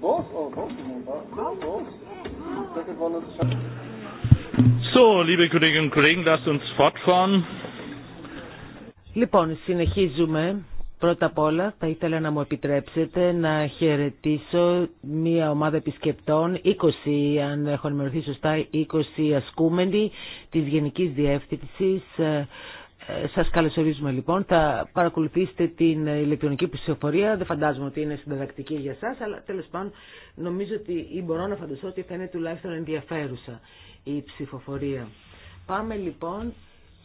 oh So, liebe Kolleginnen und Kollegen, lasst uns fortfahren. Λοιπόν, συνεχίζουμε. Πρώτα απ' όλα θα ήθελα να μου επιτρέψετε να χαιρετήσω μία ομάδα επισκεπτών, 20 αν έχω ενημερωθεί σωστά, 20 ασκούμενοι της Γενικής Διεύθυνσης ε, σας καλωσορίζουμε λοιπόν. Θα παρακολουθήσετε την ε, ηλεκτρονική ψηφοφορία. Δεν φαντάζομαι ότι είναι συνταρακτική για σας, αλλά τέλος πάντων νομίζω ότι ή μπορώ να φανταστώ ότι θα είναι τουλάχιστον ενδιαφέρουσα η ψηφοφορία. Πάμε λοιπόν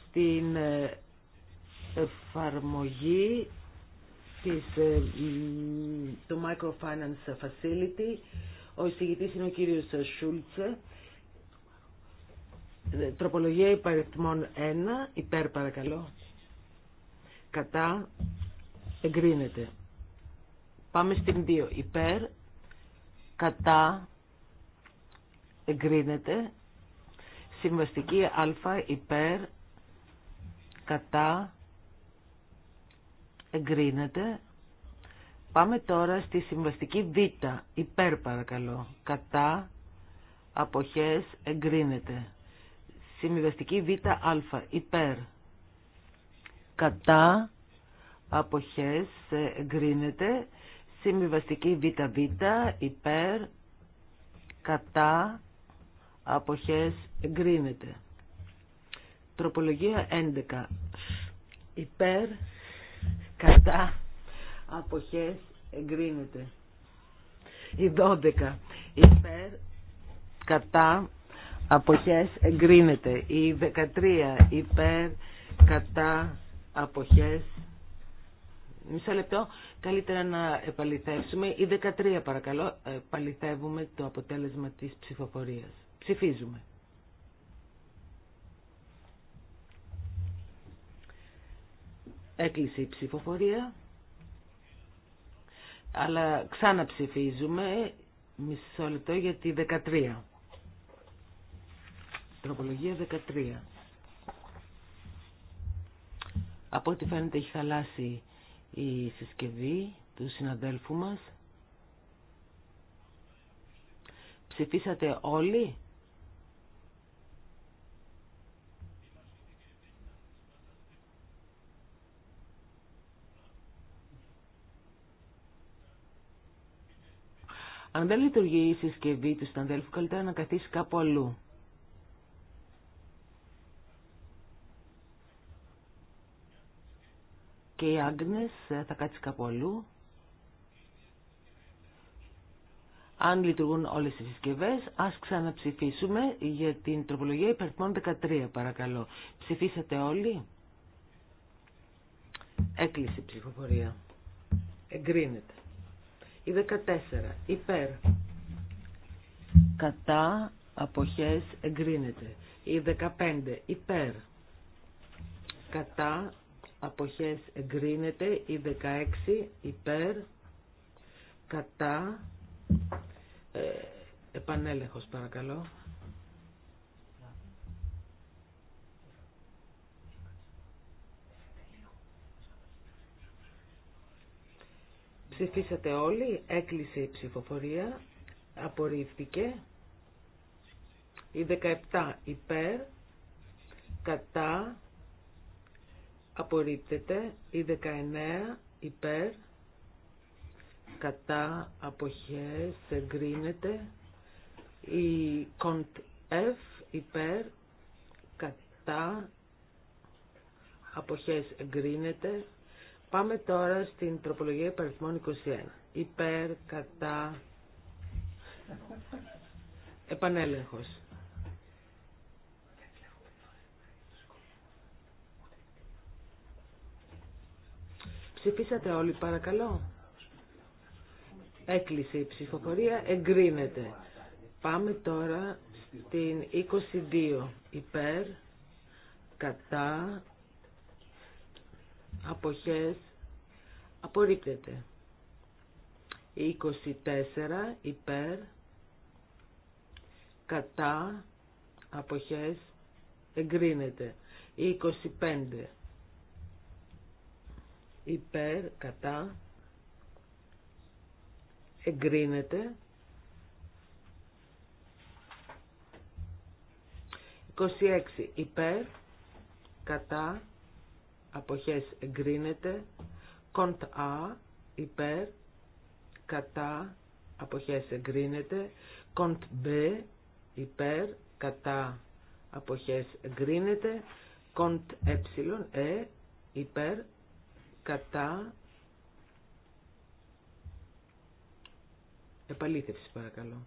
στην ε, εφαρμογή της, του Microfinance Facility. Ο εισηγητής είναι ο κύριος Σούλτσε. Τροπολογία υπαριθμών 1, υπέρ παρακαλώ. Κατά, εγκρίνεται. Πάμε στην 2, υπέρ, κατά, εγκρίνεται. Συμβαστική α, υπέρ, κατά, εγκρίνεται. Πάμε τώρα στη συμβαστική β, υπέρ παρακαλώ. Κατά, αποχές, εγκρίνεται. Συμβιβαστική ΒΑ υπέρ. Κατά αποχές εγκρίνεται. Συμβιβαστική β' υπέρ. Κατά αποχές εγκρίνεται. Τροπολογία 11. Υπέρ, κατά, αποχές, εγκρίνεται. Η 12. Υπέρ, κατά, αποχές εγκρίνεται. Η 13 υπέρ κατά αποχές Μισό λεπτό, καλύτερα να επαληθεύσουμε. Η 13 παρακαλώ, επαληθεύουμε το αποτέλεσμα της ψηφοφορίας. Ψηφίζουμε. Έκλεισε η ψηφοφορία. Αλλά ξαναψηφίζουμε μισό λεπτό για τη 13. Τροπολογία 13. Από ό,τι φαίνεται έχει χαλάσει η συσκευή του συναδέλφου μας. Ψηφίσατε όλοι. Αν δεν λειτουργεί η συσκευή του συναδέλφου, καλύτερα να καθίσει κάπου αλλού. και η Άγνες ε, θα κάτσει κάπου αλλού. Αν λειτουργούν όλες οι συσκευές, ας ξαναψηφίσουμε για την τροπολογία υπερθμών 13, παρακαλώ. Ψηφίσατε όλοι. Έκλεισε η ψηφοφορία. Εγκρίνεται. Η 14. Υπέρ. Κατά αποχές εγκρίνεται. Η 15. Υπέρ. Κατά αποχές εγκρίνεται η 16 υπέρ κατά ε, επανέλεγχος παρακαλώ ψηφίσατε όλοι έκλεισε η ψηφοφορία απορρίφθηκε η 17 υπέρ κατά απορρίπτεται η 19 υπέρ κατά αποχές εγκρίνεται η κοντ F υπέρ κατά αποχές εγκρίνεται πάμε τώρα στην τροπολογία υπαριθμών 21 υπέρ κατά επανέλεγχος Ψηφίσατε όλοι παρακαλώ. Έκλεισε η ψηφοφορία, εγκρίνεται. Πάμε τώρα στην 22 υπέρ, κατά, αποχές, απορρίπτεται. 24 υπέρ, κατά, αποχές, εγκρίνεται. 25 υπέρ, κατά, εγκρίνεται. 26 υπέρ, κατά, αποχές εγκρίνεται. Κοντ Α, υπέρ, κατά, αποχές εγκρίνεται. Κοντ Μπ, υπέρ, κατά, αποχές εγκρίνεται. Κοντ Ε, υπέρ, κατά επαλήθευση παρακαλώ.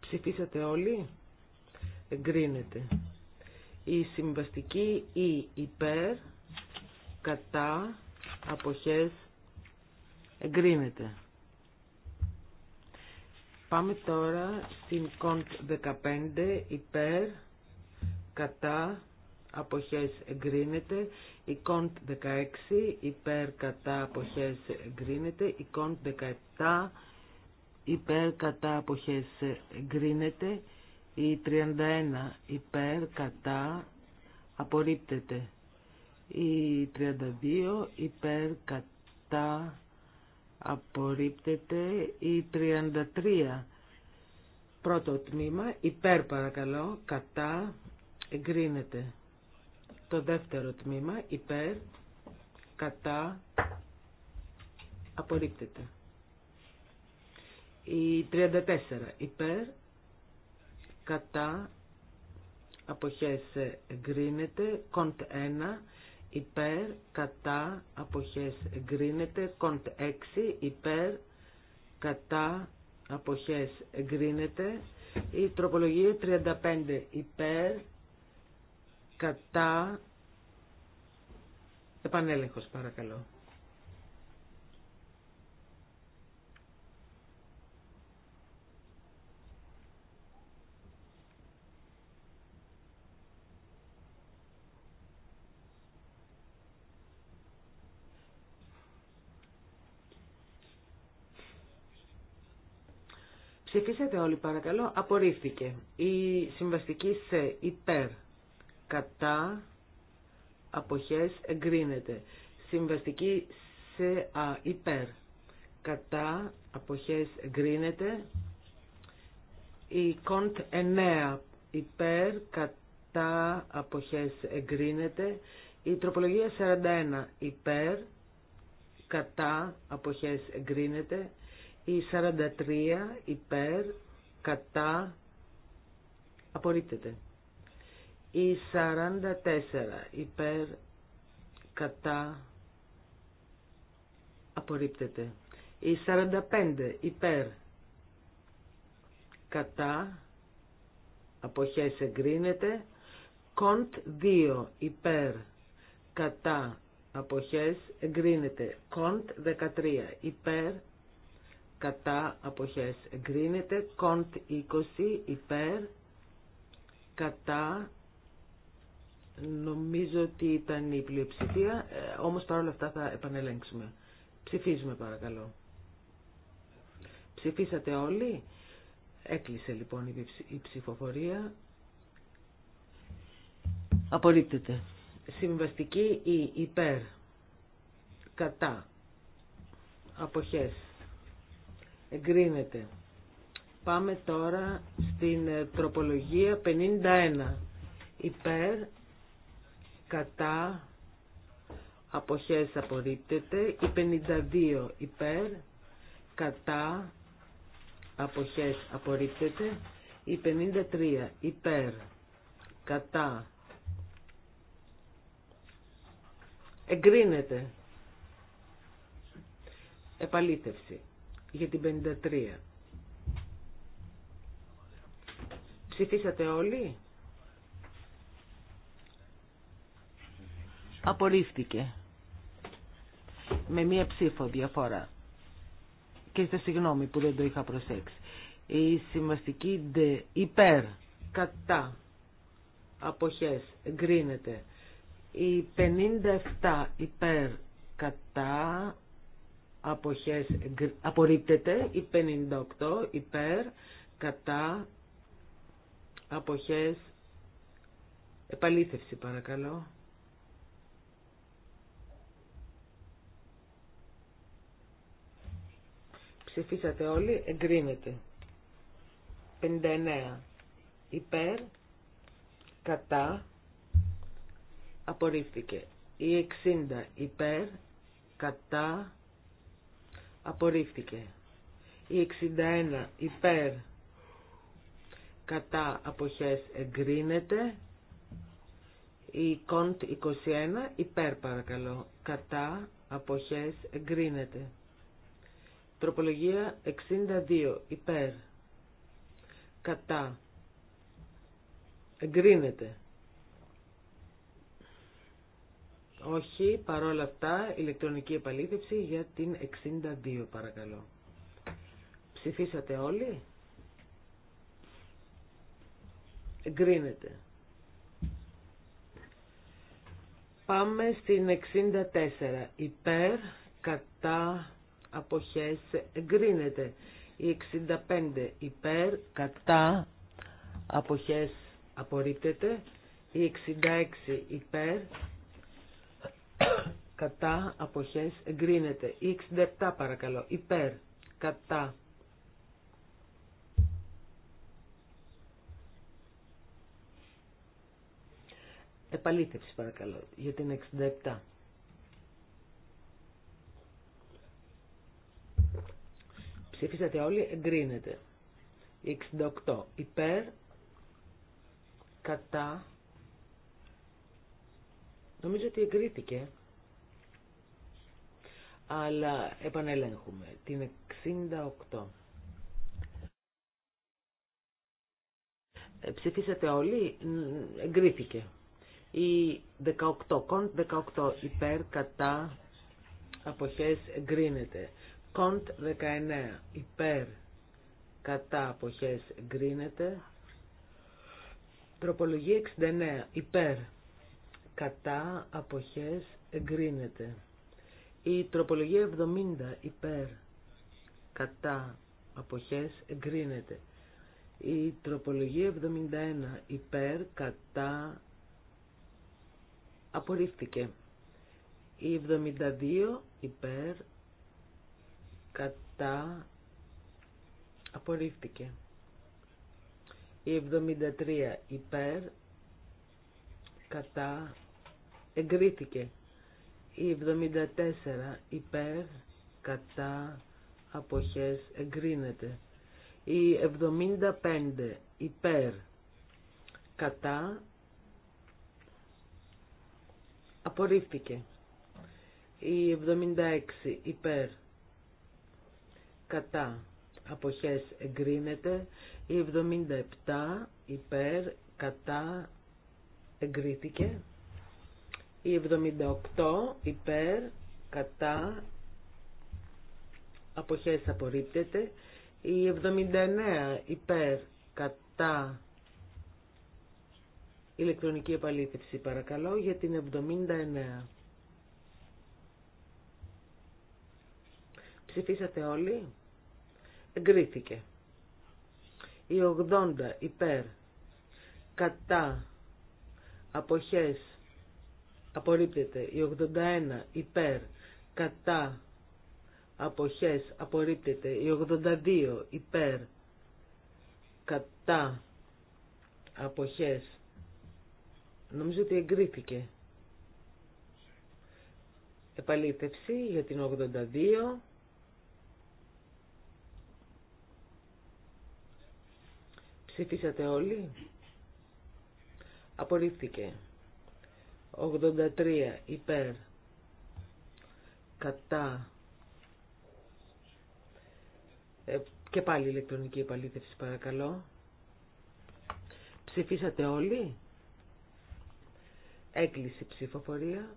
Ψηφίσατε όλοι. Εγκρίνεται. Η συμβαστική ή e υπέρ, κατά, αποχές, εγκρίνεται. Πάμε τώρα στην κοντ 15 υπέρ, κατά αποχές εγκρίνεται, η κοντ 16 υπέρ κατά αποχές εγκρίνεται, η κοντ 17 υπέρ κατά αποχές εγκρίνεται, η 31 υπέρ κατά απορρίπτεται, η 32 υπέρ κατά απορρίπτεται, η 33 Πρώτο τμήμα, υπέρ παρακαλώ, κατά, εγκρίνεται. Το δεύτερο τμήμα υπέρ, κατά, απορρίπτεται. Η 34 υπέρ, κατά, αποχές εγκρίνεται. Κοντ 1 υπέρ, κατά, αποχές εγκρίνεται. Κοντ 6 υπέρ, κατά, αποχές εγκρίνεται. Η τροπολογία 35 υπέρ, κατά επανέλεγχος παρακαλώ. Ψηφίσατε όλοι παρακαλώ. Απορρίφθηκε. Η συμβαστική σε υπέρ κατά αποχές εγκρίνεται. Συμβαστική σε α, υπέρ κατά αποχές εγκρίνεται. Η κοντ 9 υπέρ κατά αποχές εγκρίνεται. Η τροπολογία 41 υπέρ κατά αποχές εγκρίνεται. Η 43 υπέρ κατά απορρίπτεται. Η 44 υπέρ κατά απορρίπτεται. Η 45 υπέρ κατά αποχές εγκρίνεται. Κοντ 2 υπέρ κατά αποχές εγκρίνεται. Κοντ 13 υπέρ κατά αποχές εγκρίνεται. Κοντ 20 υπέρ κατά Νομίζω ότι ήταν η πλειοψηφία, ε, όμως παρόλα αυτά θα επανελέγξουμε. Ψηφίζουμε παρακαλώ. Ψηφίσατε όλοι. Έκλεισε λοιπόν η ψηφοφορία. Απορρίπτεται. Συμβαστική ή υπέρ. Κατά. Αποχές. Εγκρίνεται. Πάμε τώρα στην ε, τροπολογία 51. Υπέρ κατά αποχές απορρίπτεται η 52 υπέρ κατά αποχές απορρίπτεται η 53 υπέρ κατά εγκρίνεται επαλήθευση για την 53 ψηφίσατε όλοι απορρίφθηκε με μία ψήφο διαφορά. Και είστε συγγνώμη που δεν το είχα προσέξει. Η συμβαστική υπέρ κατά αποχές εγκρίνεται. Η 57 υπέρ κατά αποχές απορρίπτεται. Η 58 υπέρ κατά αποχές επαλήθευση παρακαλώ. Ψηφίσατε όλοι. Εγκρίνεται. 59. Υπέρ. Κατά. Απορρίφθηκε. Η 60. Υπέρ. Κατά. Απορρίφθηκε. Η 61. Υπέρ. Κατά. Αποχές. Εγκρίνεται. Η κοντ 21. Υπέρ παρακαλώ. Κατά. Αποχές. Εγκρίνεται. Τροπολογία 62 υπέρ. Κατά. Εγκρίνεται. Όχι, παρόλα αυτά, ηλεκτρονική επαλήθευση για την 62 παρακαλώ. Ψηφίσατε όλοι. Εγκρίνεται. Πάμε στην 64. Υπέρ, κατά, αποχές εγκρίνεται. Η 65 υπέρ κατά αποχές απορρίπτεται. Η 66 υπέρ κατά αποχές εγκρίνεται. Η 67 παρακαλώ υπέρ κατά επαλήθευση παρακαλώ για την 67. Ψήφισατε όλοι, εγκρίνεται. 68. Υπέρ, κατά, νομίζω ότι εγκρίθηκε, αλλά επανελέγχουμε την 68. Ε, Ψηφίσατε όλοι, εγκρίθηκε. Η 18, κοντ 18 υπέρ, κατά, αποχές εγκρίνεται. Κοντ 19 υπέρ κατά αποχές εγκρίνεται. Τροπολογία 69 υπέρ κατά αποχές εγκρίνεται. Η τροπολογία 70 υπέρ κατά αποχές εγκρίνεται. Η τροπολογία 71 υπέρ κατά απορρίφθηκε. Η 72 υπέρ κατά απορρίφθηκε. Η 73 υπέρ κατά εγκρίθηκε. Η 74 υπέρ κατά αποχές εγκρίνεται. Η 75 υπέρ κατά απορρίφθηκε. Η 76 υπέρ κατά αποχές εγκρίνεται, η 77 υπέρ κατά εγκρίθηκε, η 78 υπέρ κατά αποχές απορρίπτεται, η 79 υπέρ κατά ηλεκτρονική επαλήθευση παρακαλώ για την 79. Ψηφίσατε όλοι. Εγκρίθηκε. Οι 80 υπέρ κατά αποχές απορρίπτεται. Η 81 υπέρ κατά αποχές απορρίπτεται. Η 82 υπέρ κατά αποχές νομίζω ότι εγκρίθηκε επαλήθευση για την 82 Ψηφίσατε όλοι. Απορρίφθηκε. 83 υπέρ. Κατά. Ε, και πάλι ηλεκτρονική επαλήθευση παρακαλώ. Ψηφίσατε όλοι. Έκλεισε ψηφοφορία.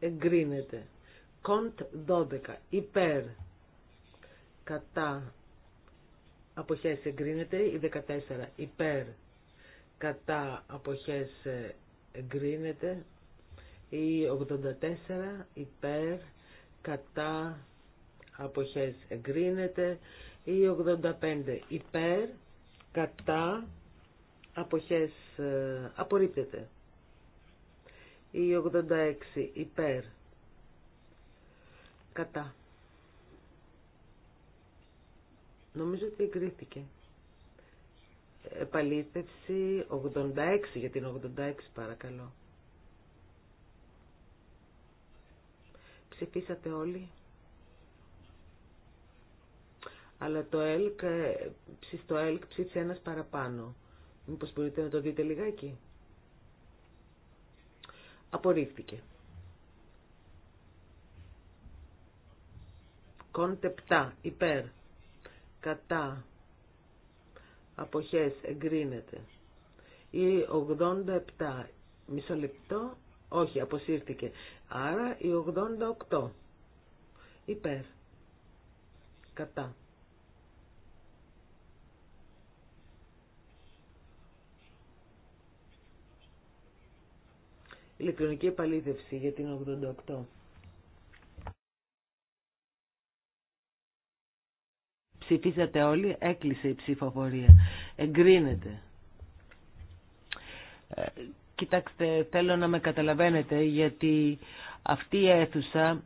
Εγκρίνεται. Κοντ 12 υπέρ. Κατά αποχές εγκρίνεται, η 14 υπέρ κατά αποχές εγκρίνεται, η 84 υπέρ κατά αποχές εγκρίνεται, η 85 υπέρ κατά αποχές ε, απορρίπτεται. Η 86 υπέρ κατά Νομίζω ότι εγκρίθηκε. Επαλήθευση 86 για την 86 παρακαλώ. Ψηφίσατε όλοι. Αλλά το ΕΛΚ, στο ε, ΕΛΚ ψήφισε ένας παραπάνω. Μήπως μπορείτε να το δείτε λιγάκι. Απορρίφθηκε. Κόντεπτά, υπέρ κατά αποχές εγκρίνεται ή 87 μισό λεπτό όχι αποσύρθηκε άρα η 88 υπέρ κατά ηλεκτρονική επαλήθευση για την 88 Ψηφίσατε όλοι, έκλεισε η ψηφοφορία. Εγκρίνεται. Ε, κοιτάξτε, θέλω να με καταλαβαίνετε γιατί αυτή η αίθουσα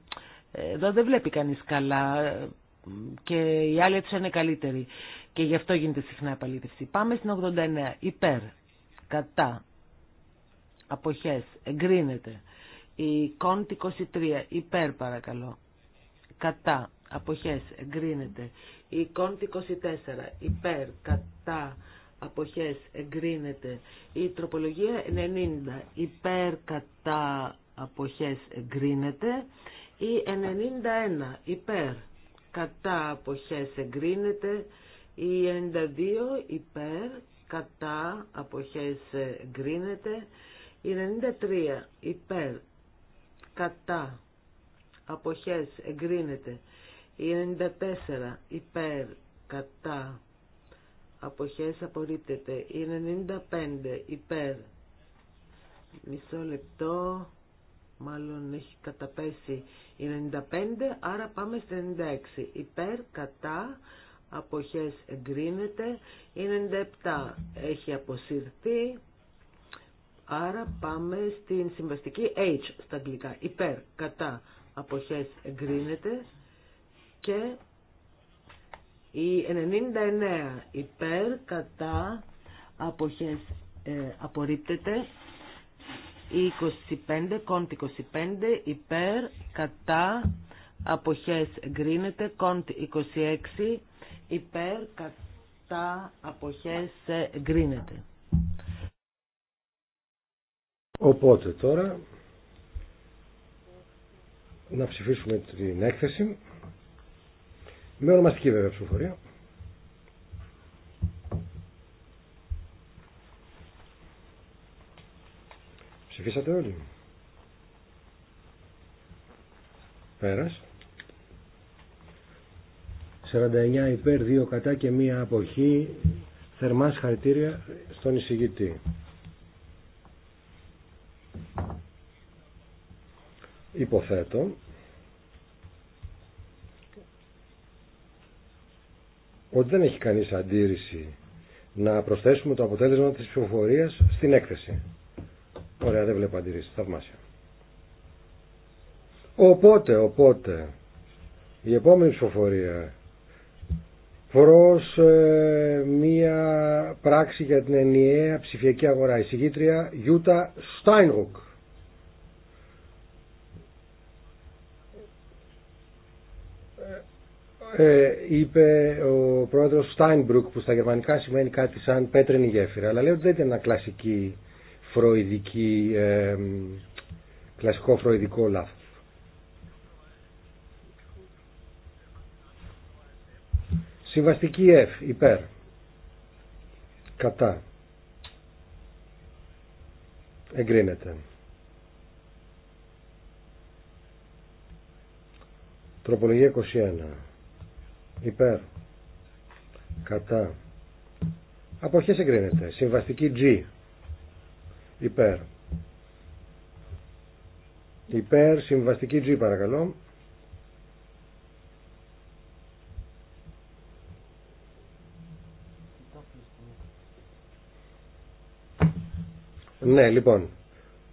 ε, εδώ δεν βλέπει κανείς καλά και η άλλη αίθουσα είναι καλύτερη και γι' αυτό γίνεται συχνά επαλήθευση. Πάμε στην 89. Υπέρ, κατά, αποχές, εγκρίνεται. Η κόντ 23, υπέρ παρακαλώ, κατά, αποχές, εγκρίνεται. Η κόντ 24 υπέρ κατά αποχές εγκρίνεται. Η τροπολογία 90 υπέρ κατά αποχές εγκρίνεται. Η 91 υπέρ κατά αποχές εγκρίνεται. Η 92 υπέρ κατά αποχές εγκρίνεται. Η 93 υπέρ κατά αποχές εγκρίνεται. 94 υπέρ κατά αποχές απορρίπτεται 95 υπέρ μισό λεπτό μάλλον έχει καταπέσει 95 άρα πάμε στο 96 υπέρ κατά αποχές εγκρίνεται 97 έχει αποσυρθεί άρα πάμε στην συμβαστική H στα αγγλικά υπέρ κατά αποχές εγκρίνεται και η 99 υπέρ κατά αποχές ε, απορρίπτεται η 25 κοντ 25 υπέρ κατά αποχές εγκρίνεται κοντ 26 υπέρ κατά αποχές ε, εγκρίνεται οπότε τώρα να ψηφίσουμε την έκθεση με ονομαστική βέβαια ψηφοφορία. Ψηφίσατε όλοι. Πέρας. 49 υπέρ, 2 κατά και μία αποχή. Θερμά συγχαρητήρια στον εισηγητή. Υποθέτω ότι δεν έχει κανείς αντίρρηση να προσθέσουμε το αποτέλεσμα της ψηφοφορίας στην έκθεση. Ωραία, δεν βλέπω αντίρρηση. Θαυμάσια. Οπότε, οπότε, η επόμενη ψηφοφορία προς ε, μία πράξη για την ενιαία ψηφιακή αγορά. Η συγγήτρια Γιούτα Στάινρουκ. Ε, είπε ο πρόεδρος Στάινμπρουκ που στα γερμανικά σημαίνει κάτι σαν πέτρινη γέφυρα αλλά λέει ότι δεν ήταν ένα κλασική φροηδική, ε, κλασικό φροηδικό λάθος. Συμβαστική F υπέρ κατά εγκρίνεται. Τροπολογία 21 υπέρ κατά ποιες εγκρίνεται συμβαστική G υπέρ υπέρ συμβαστική G παρακαλώ Ναι, λοιπόν,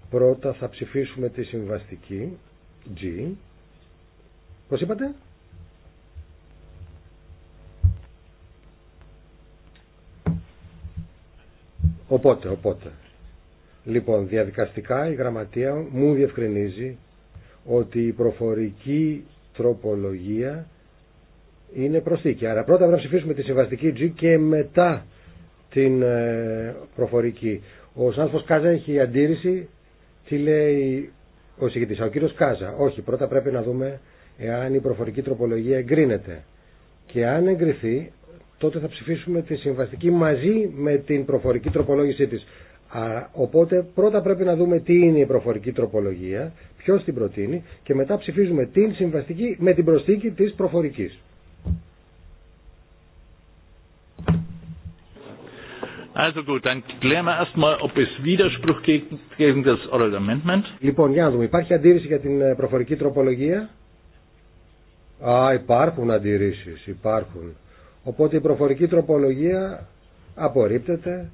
πρώτα θα ψηφίσουμε τη συμβαστική G. Πώς είπατε? Οπότε, οπότε. Λοιπόν, διαδικαστικά η γραμματεία μου διευκρινίζει ότι η προφορική τροπολογία είναι προσθήκη. Άρα πρώτα πρέπει να ψηφίσουμε τη συμβαστική G και μετά την ε, προφορική. Ο Σάνθος Κάζα έχει αντίρρηση. Τι λέει ο συγκεκριτής. Ο κύριος Κάζα. Όχι, πρώτα πρέπει να δούμε εάν η προφορική τροπολογία εγκρίνεται. Και αν εγκριθεί, τότε θα ψηφίσουμε τη συμβαστική μαζί με την προφορική τροπολόγησή της. Οπότε πρώτα πρέπει να δούμε τι είναι η προφορική τροπολογία, ποιος την προτείνει και μετά ψηφίζουμε την συμβαστική με την προσθήκη της προφορικής. Also gut, dann klären wir erstmal, ob es Widerspruch gegen das Oral Amendment. Λοιπόν, για να δούμε, υπάρχει αντίρρηση για την ε, προφορική τροπολογία. Α, υπάρχουν αντιρρήσεις, υπάρχουν. Οπότε η προφορική τροπολογία απορρίπτεται,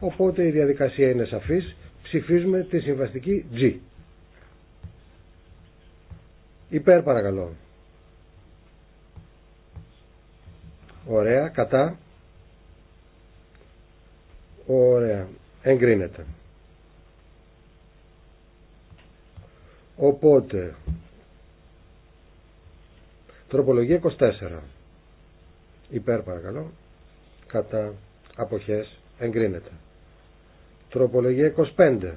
οπότε η διαδικασία είναι σαφής. Ψηφίζουμε τη συμβαστική G. Υπέρ παρακαλώ. Ωραία, κατά. Ωραία, εγκρίνεται. Οπότε, τροπολογία 24 υπέρ παρακαλώ κατά αποχές εγκρίνεται τροπολογία 25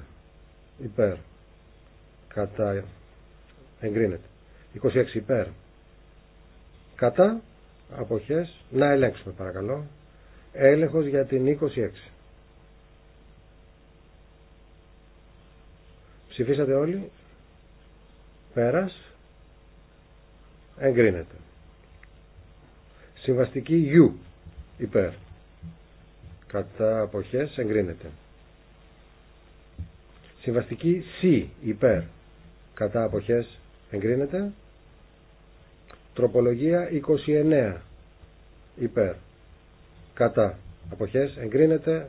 υπέρ κατά εγκρίνεται 26 υπέρ κατά αποχές να ελέγξουμε παρακαλώ έλεγχος για την 26 ψηφίσατε όλοι πέρας εγκρίνεται Συμβαστική U υπέρ. Κατά αποχές εγκρίνεται. Συμβαστική C υπέρ. Κατά αποχές εγκρίνεται. Τροπολογία 29 υπέρ. Κατά αποχές εγκρίνεται.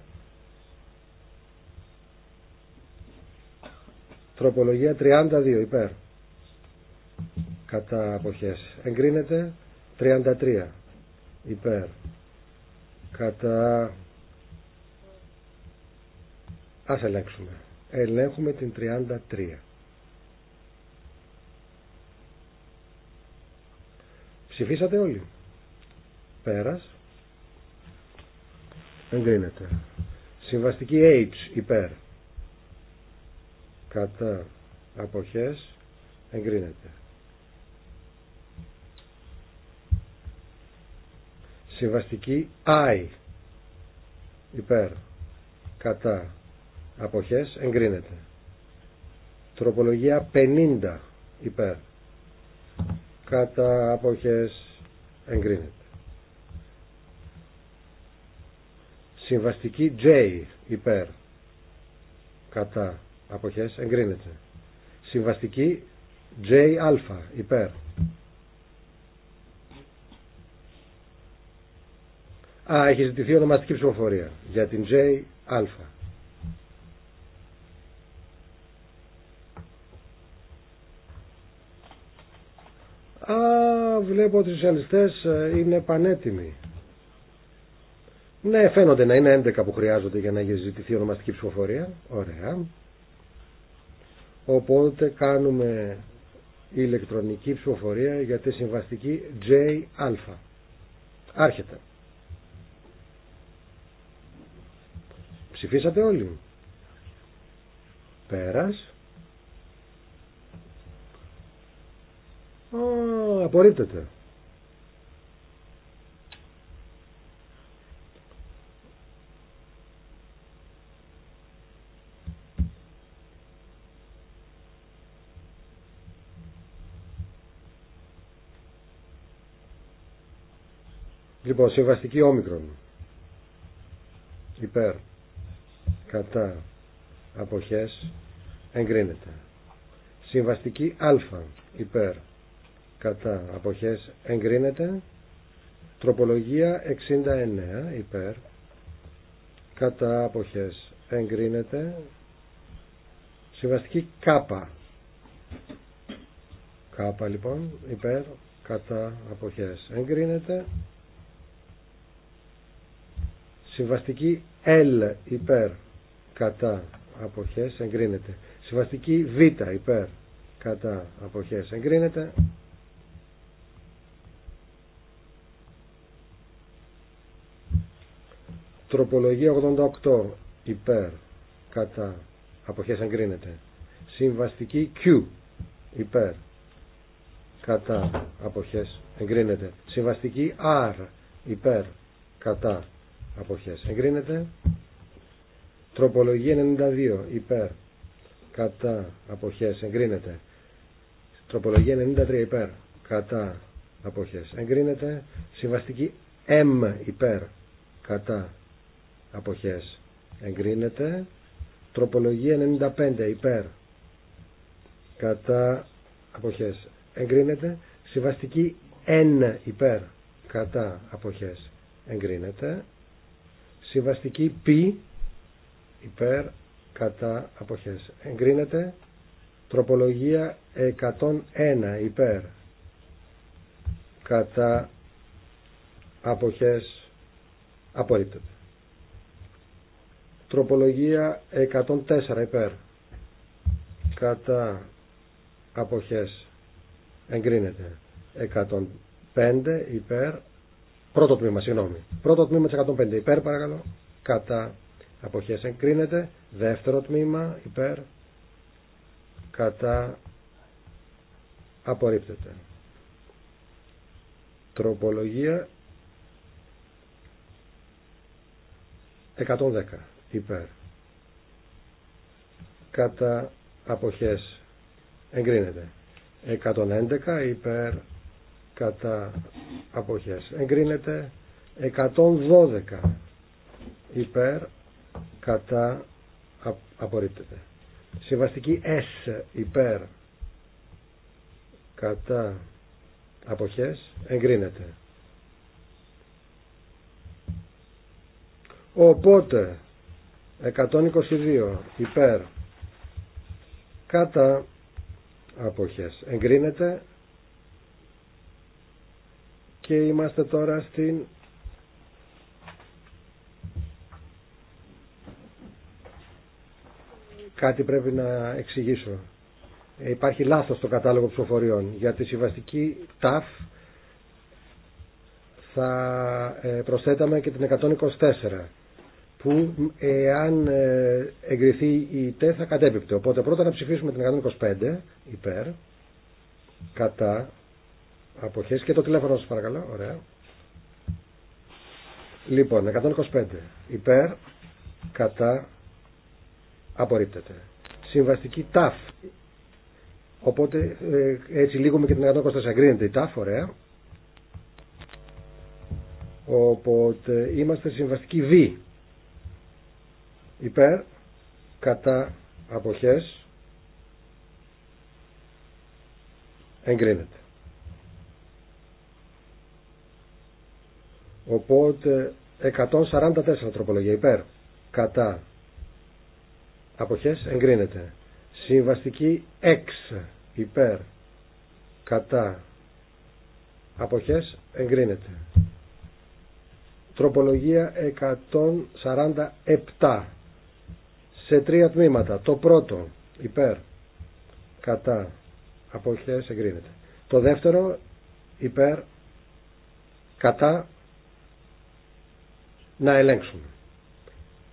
Τροπολογία 32 υπέρ. Κατά αποχές εγκρίνεται. 33 υπέρ κατά ας ελέγξουμε ελέγχουμε την 33 ψηφίσατε όλοι πέρας εγκρίνεται συμβαστική H υπέρ κατά αποχές εγκρίνεται Συμβαστική I υπέρ κατά αποχές εγκρίνεται. Τροπολογία 50 υπέρ κατά αποχές εγκρίνεται. Συμβαστική J υπέρ κατά αποχές εγκρίνεται. Συμβαστική J υπέρ Α, έχει ζητηθεί ονομαστική ψηφοφορία για την J α. Α, βλέπω ότι οι σοσιαλιστές ε, είναι πανέτοιμοι. Ναι, φαίνονται να είναι 11 που χρειάζονται για να ζητηθεί ονομαστική ψηφοφορία. Ωραία. Οπότε κάνουμε ηλεκτρονική ψηφοφορία για τη συμβαστική JA. Άρχεται. Ψηφίσατε όλοι. Πέρας. Α, απορρίπτεται. Λοιπόν, συμβαστική όμικρον. Υπέρ κατά αποχές εγκρίνεται συμβαστική α υπέρ κατά αποχές εγκρίνεται τροπολογία 69 υπέρ κατά αποχές εγκρίνεται συμβαστική Κ καπα λοιπόν υπέρ κατά αποχές εγκρίνεται συμβαστική L υπέρ κατά αποχές εγκρίνεται. Συμβαστική Β υπέρ κατά αποχές εγκρίνεται. Τροπολογία 88 υπέρ κατά αποχές εγκρίνεται. Συμβαστική Q υπέρ κατά αποχές εγκρίνεται. Συμβαστική R υπέρ κατά αποχές εγκρίνεται. Τροπολογία 92 υπέρ κατά αποχές εγκρίνεται. Τροπολογία 93 υπέρ κατά αποχές εγκρίνεται. Συμβαστική M υπέρ κατά αποχές εγκρίνεται. Τροπολογία 95 υπέρ κατά αποχές εγκρίνεται. Συμβαστική N υπέρ κατά αποχές εγκρίνεται. Συμβαστική P υπέρ κατά αποχές εγκρίνεται τροπολογία 101 υπέρ κατά αποχές απορρίπτεται τροπολογία 104 υπέρ κατά αποχές εγκρίνεται 105 υπέρ πρώτο τμήμα συγγνώμη πρώτο τμήμα της 105 υπέρ παρακαλώ κατά αποχές εγκρίνεται δεύτερο τμήμα υπέρ κατά απορρίπτεται τροπολογία 110 υπέρ κατά αποχές εγκρίνεται 111 υπέρ κατά αποχές εγκρίνεται 112 υπέρ κατά απορρίπτεται. Συμβαστική S υπέρ κατά αποχές εγκρίνεται. Οπότε 122 υπέρ κατά αποχές εγκρίνεται και είμαστε τώρα στην κάτι πρέπει να εξηγήσω. Ε, υπάρχει λάθος στο κατάλογο ψηφοφοριών. Για τη συμβαστική ΤΑΦ θα ε, προσθέταμε και την 124 που ε, εάν εγκριθεί η ΤΕ θα κατέπιπτε. Οπότε πρώτα να ψηφίσουμε την 125 υπέρ, κατά, αποχές και το τηλέφωνο σας παρακαλώ, ωραία. Λοιπόν, 125 υπέρ, κατά, απορρίπτεται. Συμβαστική ΤΑΦ. Οπότε ε, έτσι λίγο με και την 120 εγκρίνεται η ΤΑΦ, ωραία. Οπότε είμαστε συμβαστική Β. Υπέρ, κατά, αποχές, εγκρίνεται. Οπότε 144 τροπολογία υπέρ, κατά, αποχές εγκρίνεται. Συμβαστική 6 υπέρ κατά αποχές εγκρίνεται. Τροπολογία 147 σε τρία τμήματα. Το πρώτο υπέρ κατά αποχές εγκρίνεται. Το δεύτερο υπέρ κατά να ελέγξουμε.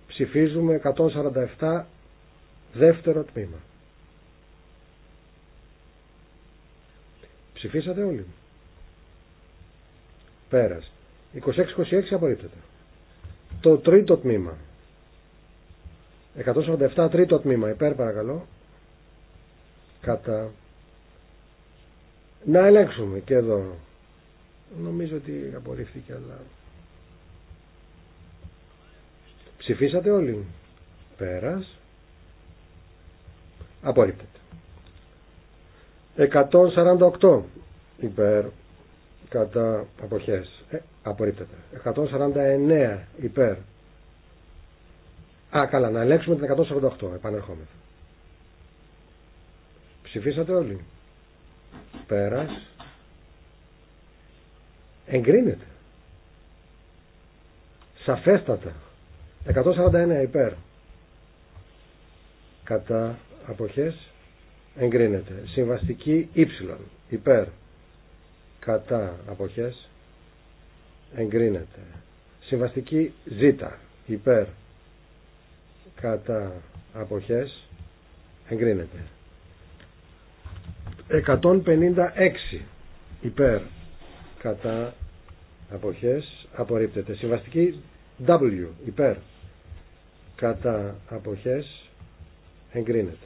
Ψηφίζουμε 147 Δεύτερο τμήμα. Ψηφίσατε όλοι. Πέρας. 26-26 απορρίπτεται. Το τρίτο τμήμα. 147 τρίτο τμήμα. Υπέρ παρακαλώ. Κατά. Να ελέγξουμε και εδώ. Νομίζω ότι απορρίφθηκε αλλά... Ψηφίσατε όλοι. Πέρας. Απορρίπτεται. 148 υπέρ κατά αποχές. Ε, απορρίπτεται. 149 υπέρ. Α, καλά, να ελέγξουμε την 148. Επανερχόμεθα. Ψηφίσατε όλοι. Πέρας. Εγκρίνεται. Σαφέστατα. 149 υπέρ. Κατά αποχές εγκρίνεται. Συμβαστική Y υπέρ κατά αποχές εγκρίνεται. Συμβαστική Ζ, υπέρ κατά αποχές εγκρίνεται. 156 υπέρ κατά αποχές απορρίπτεται. Συμβαστική W υπέρ κατά αποχές εγκρίνεται.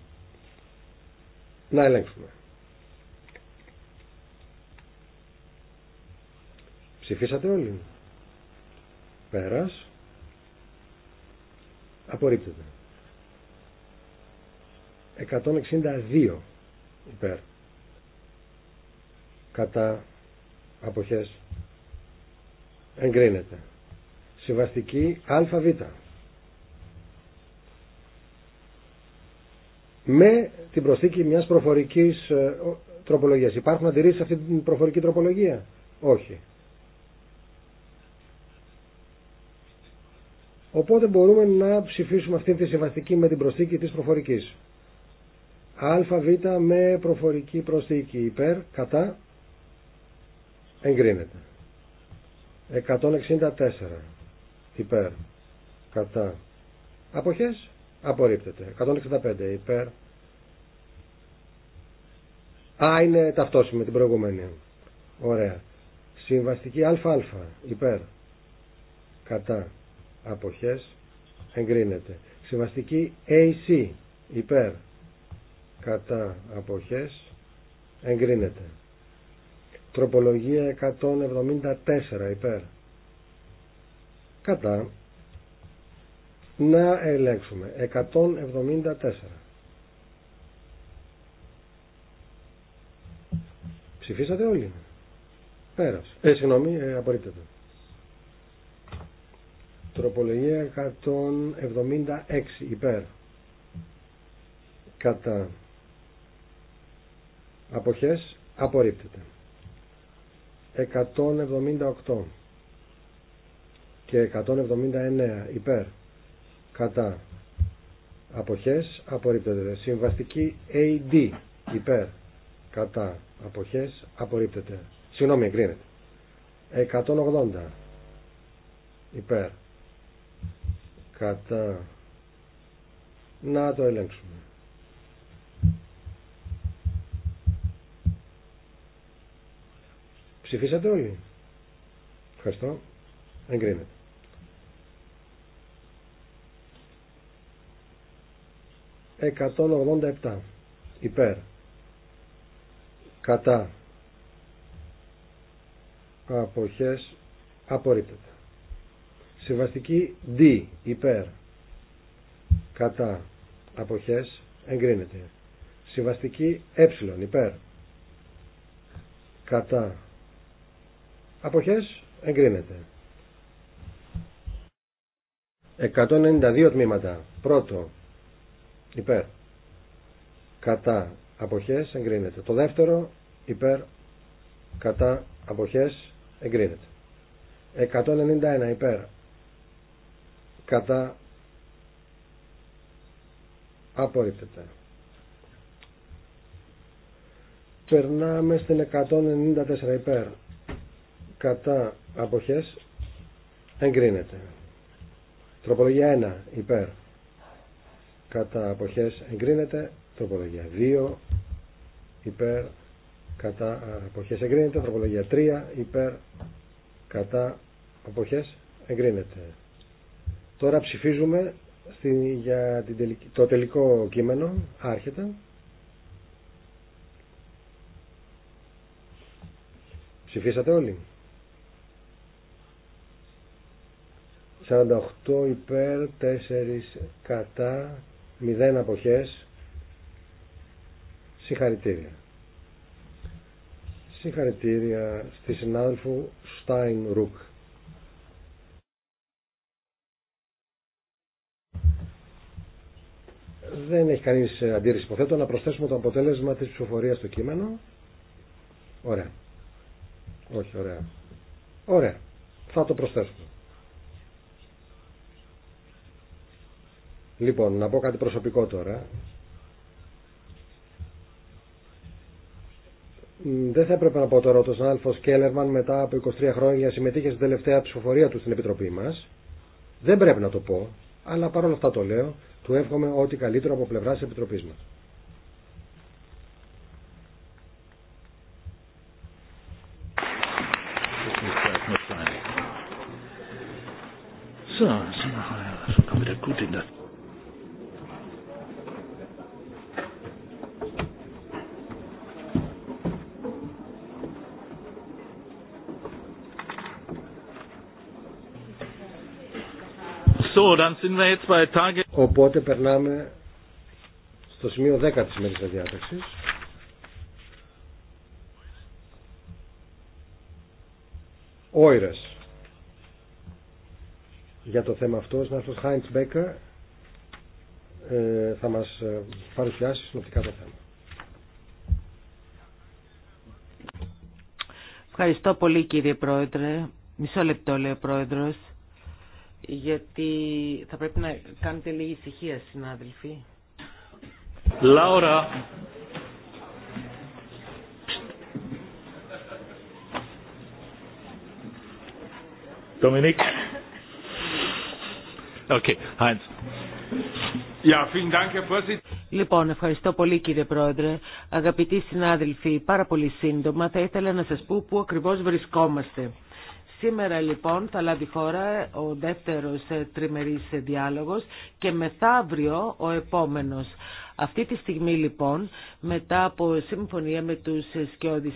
να ελέγξουμε. Ψηφίσατε όλοι. Πέρας. Απορρίπτεται. 162 υπέρ. Κατά αποχές εγκρίνεται. Συμβαστική ΑΒ με την προσθήκη μιας προφορικής ε, τροπολογίας. Υπάρχουν αντιρρήσεις σε αυτή την προφορική τροπολογία. Όχι. Οπότε μπορούμε να ψηφίσουμε αυτή τη συμβαστική με την προσθήκη της προφορικής. ΑΒ με προφορική προσθήκη υπέρ, κατά, εγκρίνεται. 164 υπέρ, κατά. Αποχές, απορρίπτεται 165 υπέρ Α είναι ταυτόσιμη την προηγούμενη ωραία συμβαστική ΑΑ υπέρ κατά αποχές εγκρίνεται συμβαστική AC υπέρ κατά αποχές εγκρίνεται τροπολογία 174 υπέρ κατά να ελέγξουμε 174 ψηφίσατε όλοι πέρασε ε συγγνώμη ε, απορρίπτεται τροπολογία 176 υπέρ κατά αποχές απορρίπτεται 178 και 179 υπέρ κατά αποχές απορρίπτεται συμβαστική AD υπέρ κατά αποχές απορρίπτεται συγγνώμη εγκρίνεται 180 υπέρ κατά να το ελέγξουμε ψηφίσατε όλοι ευχαριστώ εγκρίνεται 187 υπέρ κατά αποχές απορρίπτεται. Συμβαστική D υπέρ κατά αποχές εγκρίνεται. Συμβαστική ε υπέρ κατά αποχές εγκρίνεται. 192 τμήματα. Πρώτο υπέρ κατά αποχές εγκρίνεται. Το δεύτερο υπέρ κατά αποχές εγκρίνεται. 191 υπέρ κατά απορρίπτεται. Περνάμε στην 194 υπέρ κατά αποχές εγκρίνεται. Τροπολογία 1 υπέρ κατά αποχές εγκρίνεται τροπολογία 2 υπέρ κατά αποχές εγκρίνεται τροπολογία 3 υπέρ κατά αποχές εγκρίνεται τώρα ψηφίζουμε στην, για την το τελικό κείμενο άρχεται ψηφίσατε όλοι 48 υπέρ 4 κατά μηδέν αποχές συγχαρητήρια συγχαρητήρια στη συνάδελφου Στάιν Ρουκ δεν έχει κανείς αντίρρηση υποθέτω να προσθέσουμε το αποτέλεσμα της ψηφοφορίας στο κείμενο ωραία όχι ωραία ωραία θα το προσθέσουμε Λοιπόν, να πω κάτι προσωπικό τώρα. Δεν θα έπρεπε να πω τώρα ότι ο Κέλερμαν μετά από 23 χρόνια συμμετείχε στην τελευταία ψηφοφορία του στην Επιτροπή μα. Δεν πρέπει να το πω, αλλά παρόλα αυτά το λέω. Του εύχομαι ό,τι καλύτερο από πλευρά τη Επιτροπή μα. So, uh, Οπότε περνάμε στο σημείο 10 της μέρης διάταξης. Όιρες. Για το θέμα αυτό, ο έρθω Χάιντς Μπέκερ θα μας ε, παρουσιάσει συνοπτικά το θέμα. Ευχαριστώ πολύ κύριε Πρόεδρε. Μισό λεπτό λέει ο Πρόεδρος γιατί θα πρέπει να κάνετε λίγη ησυχία, συνάδελφοι. Dominik. Okay, Heinz. vielen Dank, Herr Λοιπόν, ευχαριστώ πολύ κύριε Πρόεδρε. Αγαπητοί συνάδελφοι, πάρα πολύ σύντομα θα ήθελα να σας πω πού ακριβώς βρισκόμαστε. Σήμερα λοιπόν θα λάβει χώρα ο δεύτερος ε, τριμερής διάλογος και μεθαύριο ο επόμενος. Αυτή τη στιγμή λοιπόν μετά από συμφωνία με τους σκιώδης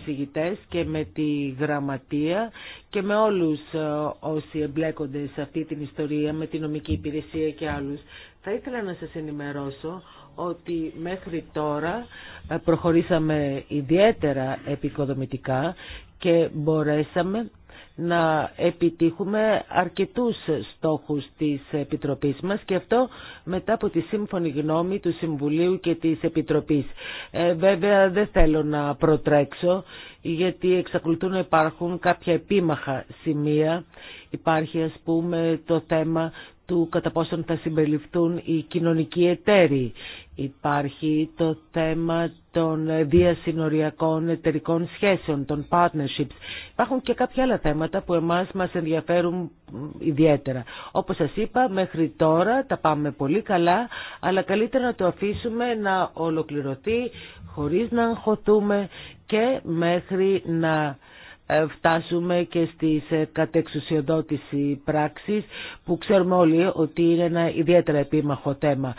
και με τη γραμματεία και με όλους ε, όσοι εμπλέκονται σε αυτή την ιστορία με την νομική υπηρεσία και άλλους θα ήθελα να σας ενημερώσω ότι μέχρι τώρα ε, προχωρήσαμε ιδιαίτερα επικοδομητικά και μπορέσαμε να επιτύχουμε αρκετούς στόχους της Επιτροπής μας και αυτό μετά από τη σύμφωνη γνώμη του Συμβουλίου και της Επιτροπής. Ε, βέβαια δεν θέλω να προτρέξω γιατί εξακολουθούν να υπάρχουν κάποια επίμαχα σημεία. Υπάρχει ας πούμε το θέμα του κατά πόσον θα συμπεριληφθούν οι κοινωνικοί εταίροι. Υπάρχει το θέμα των διασυνοριακών εταιρικών σχέσεων, των partnerships. Υπάρχουν και κάποια άλλα θέματα που εμάς μας ενδιαφέρουν ιδιαίτερα. Όπως σας είπα, μέχρι τώρα τα πάμε πολύ καλά, αλλά καλύτερα να το αφήσουμε να ολοκληρωθεί χωρίς να αγχωθούμε και μέχρι να ε, φτάσουμε και στις ε, κατεξουσιοδότηση πράξεις, που ξέρουμε όλοι ότι είναι ένα ιδιαίτερα επίμαχο θέμα.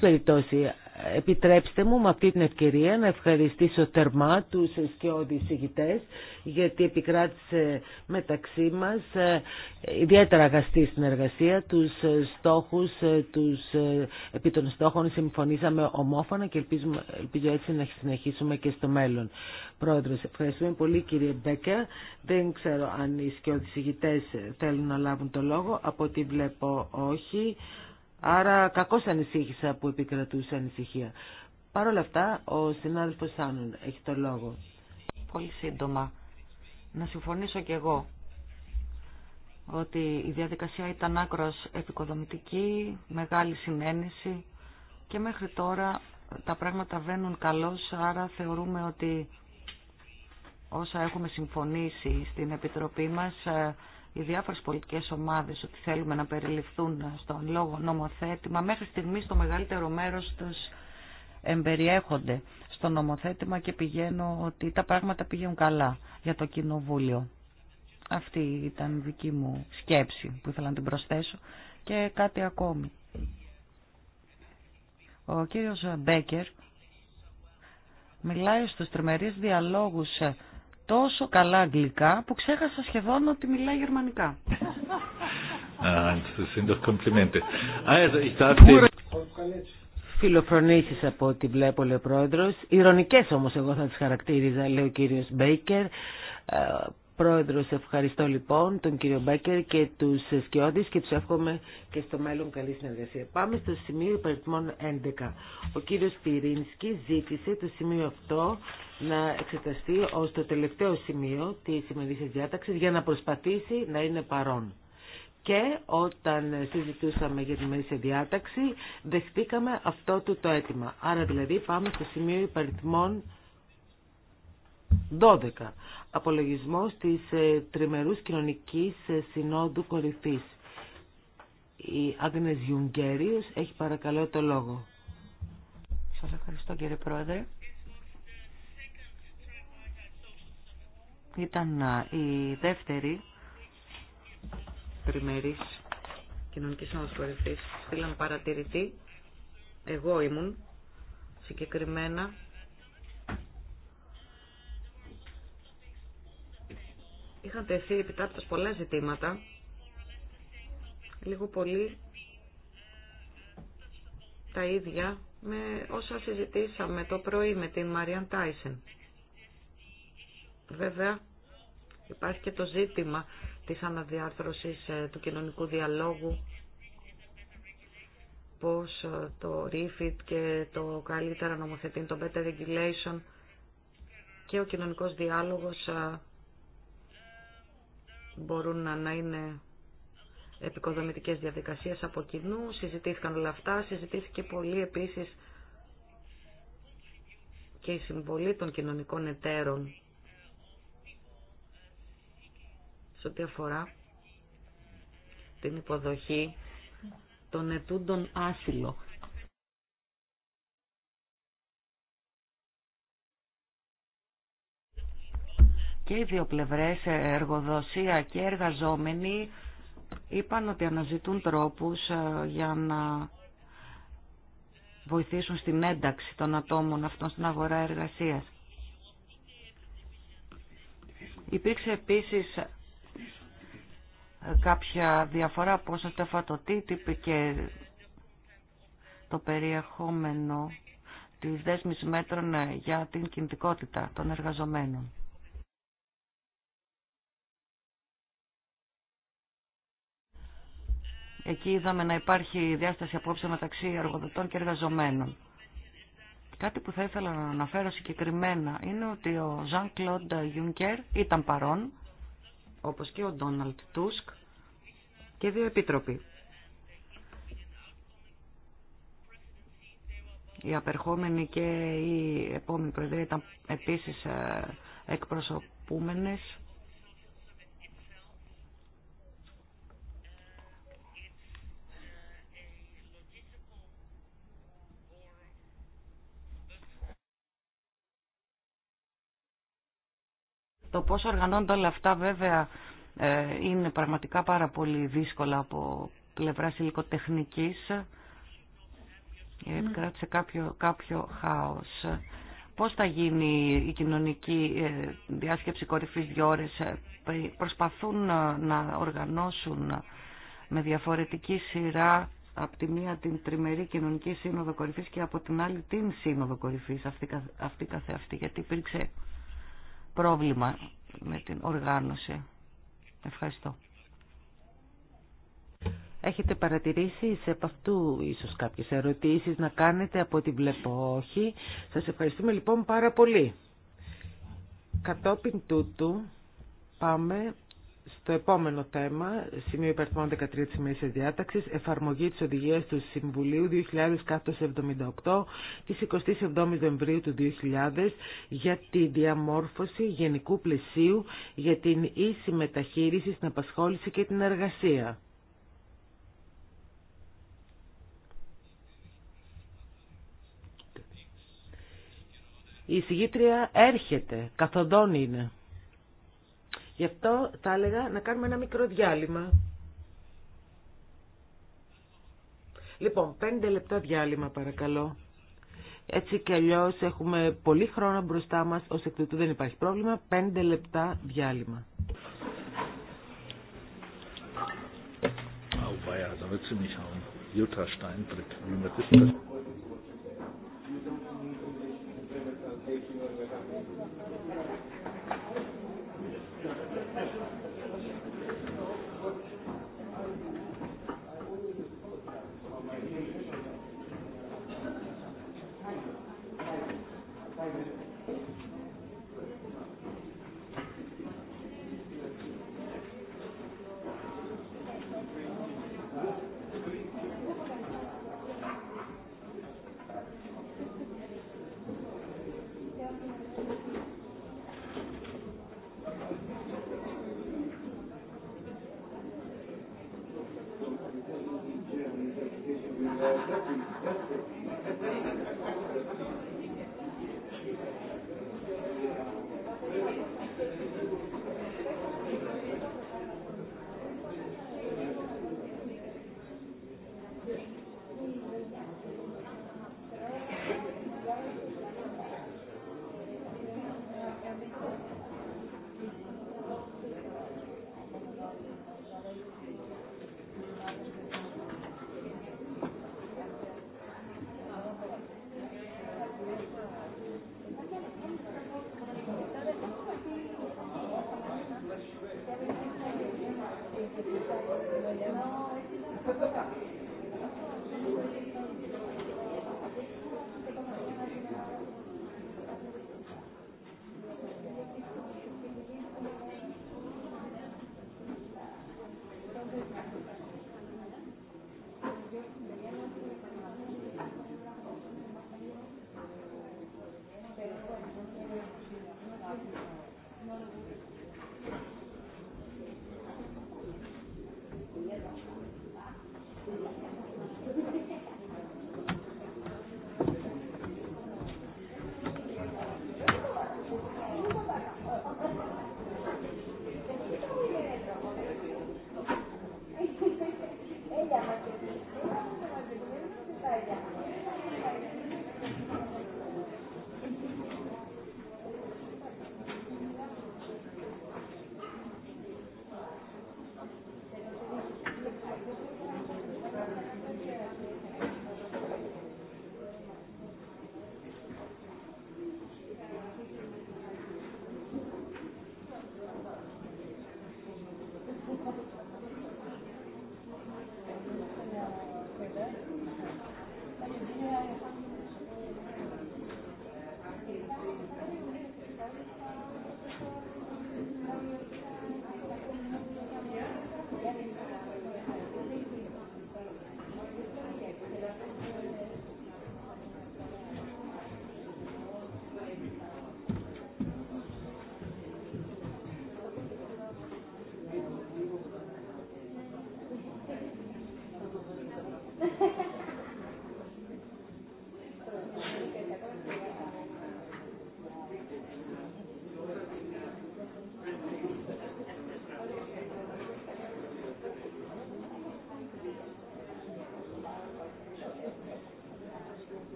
περιπτώσει Επιτρέψτε μου με αυτή την ευκαιρία να ευχαριστήσω θερμά τους σκιώδη ηγητές γιατί επικράτησε μεταξύ μας ε, ιδιαίτερα αγαστή συνεργασία τους στόχους ε, τους, ε, επί των στόχων συμφωνήσαμε ομόφωνα και ελπίζουμε, ελπίζω έτσι να συνεχίσουμε και στο μέλλον. Πρόεδρος, ευχαριστούμε πολύ κύριε Μπέκερ. Δεν ξέρω αν οι σκιώδη ηγητές θέλουν να λάβουν το λόγο. Από ό,τι βλέπω όχι. Άρα κακώς ανησύχησα που επικρατούσε ανησυχία. Παρ' όλα αυτά, ο συνάδελφος Σάνων έχει το λόγο. Πολύ σύντομα. Να συμφωνήσω κι εγώ ότι η διαδικασία ήταν άκρος επικοδομητική, μεγάλη συνένεση και μέχρι τώρα τα πράγματα βαίνουν καλώς, άρα θεωρούμε ότι όσα έχουμε συμφωνήσει στην Επιτροπή μας ε, οι διάφορες πολιτικές ομάδες ότι θέλουμε να περιληφθούν στον λόγο νομοθέτημα. Μέχρι στιγμής το μεγαλύτερο μέρος τους εμπεριέχονται στο νομοθέτημα και πηγαίνω ότι τα πράγματα πηγαίνουν καλά για το Κοινοβούλιο. Αυτή ήταν δική μου σκέψη που ήθελα να την προσθέσω και κάτι ακόμη. Ο κύριος Μπέκερ μιλάει στους τριμερείς διαλόγους τόσο καλά αγγλικά που ξέχασα σχεδόν ότι μιλάει γερμανικά. Φιλοφρονήσεις από ό,τι βλέπω, λέει ο πρόεδρο. Ηρωνικέ όμως εγώ θα τι χαρακτήριζα, λέει ο κύριο Μπέικερ. Ε, Πρόεδρος, ευχαριστώ λοιπόν τον κύριο Μπέκερ και τους σκιώδεις και τους εύχομαι και στο μέλλον καλή συνεργασία. Πάμε στο σημείο υπαριθμών 11. Ο κύριος Πυρίνσκι ζήτησε το σημείο αυτό να εξεταστεί ως το τελευταίο σημείο τη σημερινής διάταξη για να προσπαθήσει να είναι παρόν. Και όταν συζητούσαμε για τη μέση διάταξη, δεχτήκαμε αυτό του το αίτημα. Άρα δηλαδή πάμε στο σημείο υπαριθμών 12 απολογισμός της ε, τριμερούς κοινωνικής ε, συνόδου κορυφής. Η Άγνες Γιουγκέριος έχει παρακαλώ το λόγο. Σας ευχαριστώ κύριε Πρόεδρε. Ήταν η δεύτερη τριμερής κοινωνικής συνόδου κορυφής. Στείλαν παρατηρητή. Εγώ ήμουν συγκεκριμένα Είχαν τεθεί επιτάπτως πολλά ζητήματα, λίγο πολύ τα ίδια με όσα συζητήσαμε το πρωί με την Μαριάν Τάισεν. Βέβαια, υπάρχει και το ζήτημα της αναδιάρθρωσης ε, του κοινωνικού διαλόγου, πώς ε, το REFIT και το καλύτερα νομοθετήν, το Better Regulation και ο κοινωνικός διάλογος ε, μπορούν να είναι επικοδομητικές διαδικασίες από κοινού. Συζητήθηκαν όλα αυτά. Συζητήθηκε πολύ επίσης και η συμβολή των κοινωνικών εταίρων σε ό,τι αφορά την υποδοχή των ετούντων άσυλο. και οι δύο πλευρές, ε, εργοδοσία και εργαζόμενοι, είπαν ότι αναζητούν τρόπους ε, για να βοηθήσουν στην ένταξη των ατόμων αυτών στην αγορά εργασίας. Υπήρξε επίσης ε, κάποια διαφορά από όσο και το περιεχόμενο της δέσμης μέτρων για την κινητικότητα των εργαζομένων. Εκεί είδαμε να υπάρχει διάσταση απόψε μεταξύ εργοδοτών και εργαζομένων. Κάτι που θα ήθελα να αναφέρω συγκεκριμένα είναι ότι ο Ζαν Κλοντ Γιούνκερ ήταν παρόν, όπως και ο Ντόναλτ Τούσκ και δύο επίτροποι. Οι απερχόμενοι και η επόμενη προεδρία ήταν επίσης ε, εκπροσωπούμενες Το πώς οργανώνται όλα αυτά βέβαια ε, είναι πραγματικά πάρα πολύ δύσκολα από πλευρά υλικοτεχνικής. Ε, επικράτησε κάποιο, κάποιο χάος. Πώς θα γίνει η κοινωνική ε, διάσκεψη κορυφής δύο ώρες. Προσπαθούν να οργανώσουν με διαφορετική σειρά από τη μία την τριμερή κοινωνική σύνοδο κορυφής και από την άλλη την σύνοδο κορυφής αυτή, αυτή καθεαυτή γιατί υπήρξε πρόβλημα με την οργάνωση. Ευχαριστώ. Έχετε παρατηρήσει σε από αυτού ίσως κάποιες ερωτήσεις να κάνετε από ό,τι βλέπω όχι. Σας ευχαριστούμε λοιπόν πάρα πολύ. Κατόπιν τούτου πάμε στο επόμενο θέμα, σημείο υπερθμών 13 της ημέρης διάταξης, εφαρμογή της οδηγίας του συμβουλιου 2078 της 27 Δεμβρίου του 2000 για τη διαμόρφωση γενικού πλαισίου για την ίση μεταχείριση στην απασχόληση και την εργασία. Η συγγήτρια έρχεται, καθοδόν είναι. Γι' αυτό θα έλεγα να κάνουμε ένα μικρό διάλειμμα. Λοιπόν, πέντε λεπτά διάλειμμα παρακαλώ. Έτσι κι αλλιώ έχουμε πολύ χρόνο μπροστά μας, ως εκ τούτου δεν υπάρχει πρόβλημα. Πέντε λεπτά διάλειμμα. Υπότιτλοι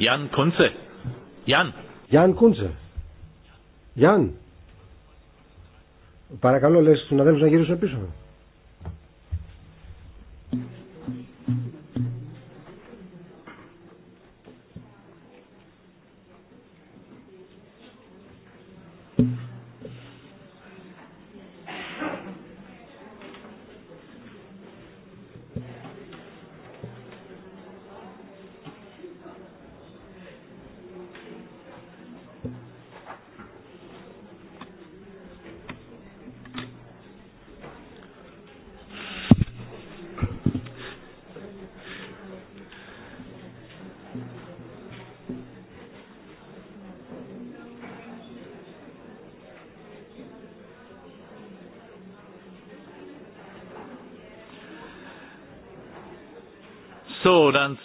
Jan Kunze. Jan. Jan Kunze. Jan. Παρακαλώ λες τους αδέλφους να γυρίσουν πίσω.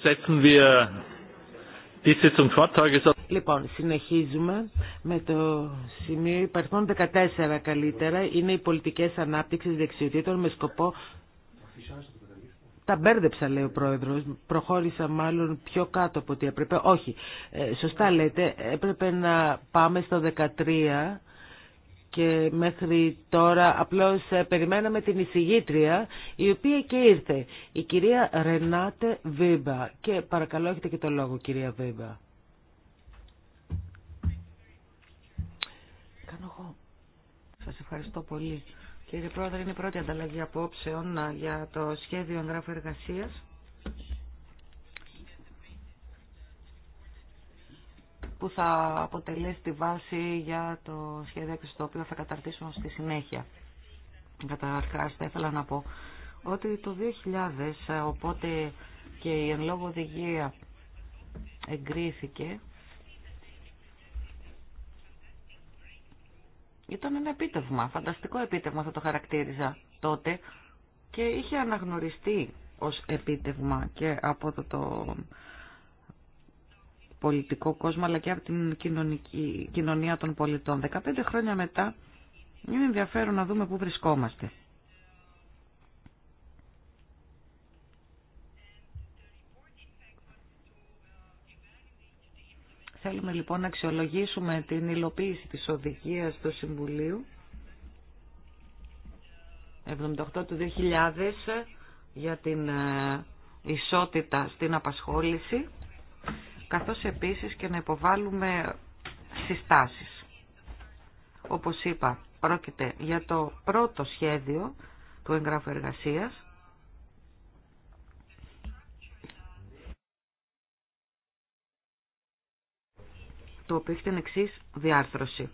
setzen wir die Sitzung fort. Λοιπόν, συνεχίζουμε με το σημείο υπαρχών 14 καλύτερα. Είναι οι πολιτικές ανάπτυξης δεξιοτήτων με σκοπό... Τα μπέρδεψα, λέει ο πρόεδρος. Προχώρησα μάλλον πιο κάτω από ό,τι έπρεπε. Όχι, ε, σωστά λέτε, έπρεπε να πάμε στο 13 και μέχρι τώρα απλώς ε, περιμέναμε την εισηγήτρια η οποία και ήρθε, η κυρία Ρενάτε Βίμπα. Και παρακαλώ έχετε και το λόγο κυρία Βίμπα. Κάνω εγώ. Σας ευχαριστώ πολύ. Κύριε Πρόεδρε, είναι η πρώτη ανταλλαγή απόψεων για το σχέδιο εγγράφου εργασίας. που θα αποτελέσει τη βάση για το σχέδιο έκθεση το οποίο θα καταρτήσουμε στη συνέχεια. Καταρχάς θα ήθελα να πω ότι το 2000 ε, οπότε και η εν λόγω οδηγία εγκρίθηκε ήταν ένα επίτευγμα, φανταστικό επίτευγμα θα το χαρακτήριζα τότε και είχε αναγνωριστεί ως επίτευγμα και από το, το πολιτικό κόσμο αλλά και από την κοινωνική, κοινωνία των πολιτών. 15 χρόνια μετά είναι ενδιαφέρον να δούμε πού βρισκόμαστε. Θέλουμε λοιπόν να αξιολογήσουμε την υλοποίηση της οδηγίας του Συμβουλίου 78 του 2000 για την ε, ισότητα στην απασχόληση καθώς επίσης και να υποβάλουμε συστάσεις. Όπως είπα, πρόκειται για το πρώτο σχέδιο του εγγράφου εργασίας το οποίο έχει την εξή διάρθρωση.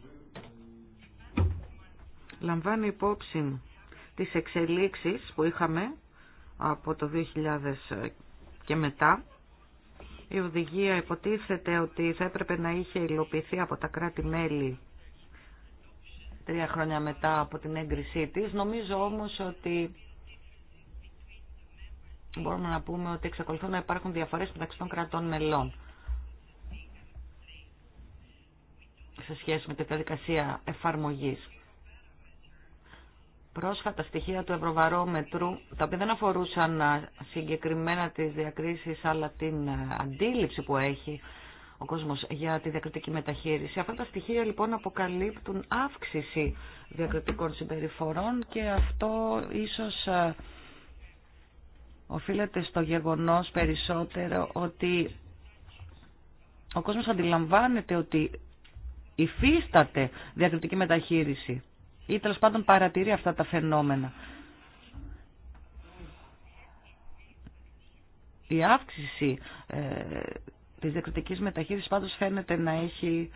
Λαμβάνει υπόψη τις εξελίξεις που είχαμε από το 2000 και μετά. Η οδηγία υποτίθεται ότι θα έπρεπε να είχε υλοποιηθεί από τα κράτη-μέλη τρία χρόνια μετά από την έγκρισή της. Νομίζω όμως ότι μπορούμε να πούμε ότι εξακολουθούν να υπάρχουν διαφορές μεταξύ των κρατών μελών. σε σχέση με τη διαδικασία εφαρμογής. Πρόσφατα στοιχεία του Ευρωβαρόμετρου, τα οποία δεν αφορούσαν συγκεκριμένα τις διακρίσεις, αλλά την αντίληψη που έχει ο κόσμος για τη διακριτική μεταχείριση. Αυτά τα στοιχεία λοιπόν αποκαλύπτουν αύξηση διακριτικών συμπεριφορών και αυτό ίσως οφείλεται στο γεγονός περισσότερο ότι ο κόσμος αντιλαμβάνεται ότι υφίσταται διακριτική μεταχείριση ή τέλο πάντων παρατηρεί αυτά τα φαινόμενα. Η αύξηση ε, της διακριτικής μεταχείρισης πάντως φαίνεται να έχει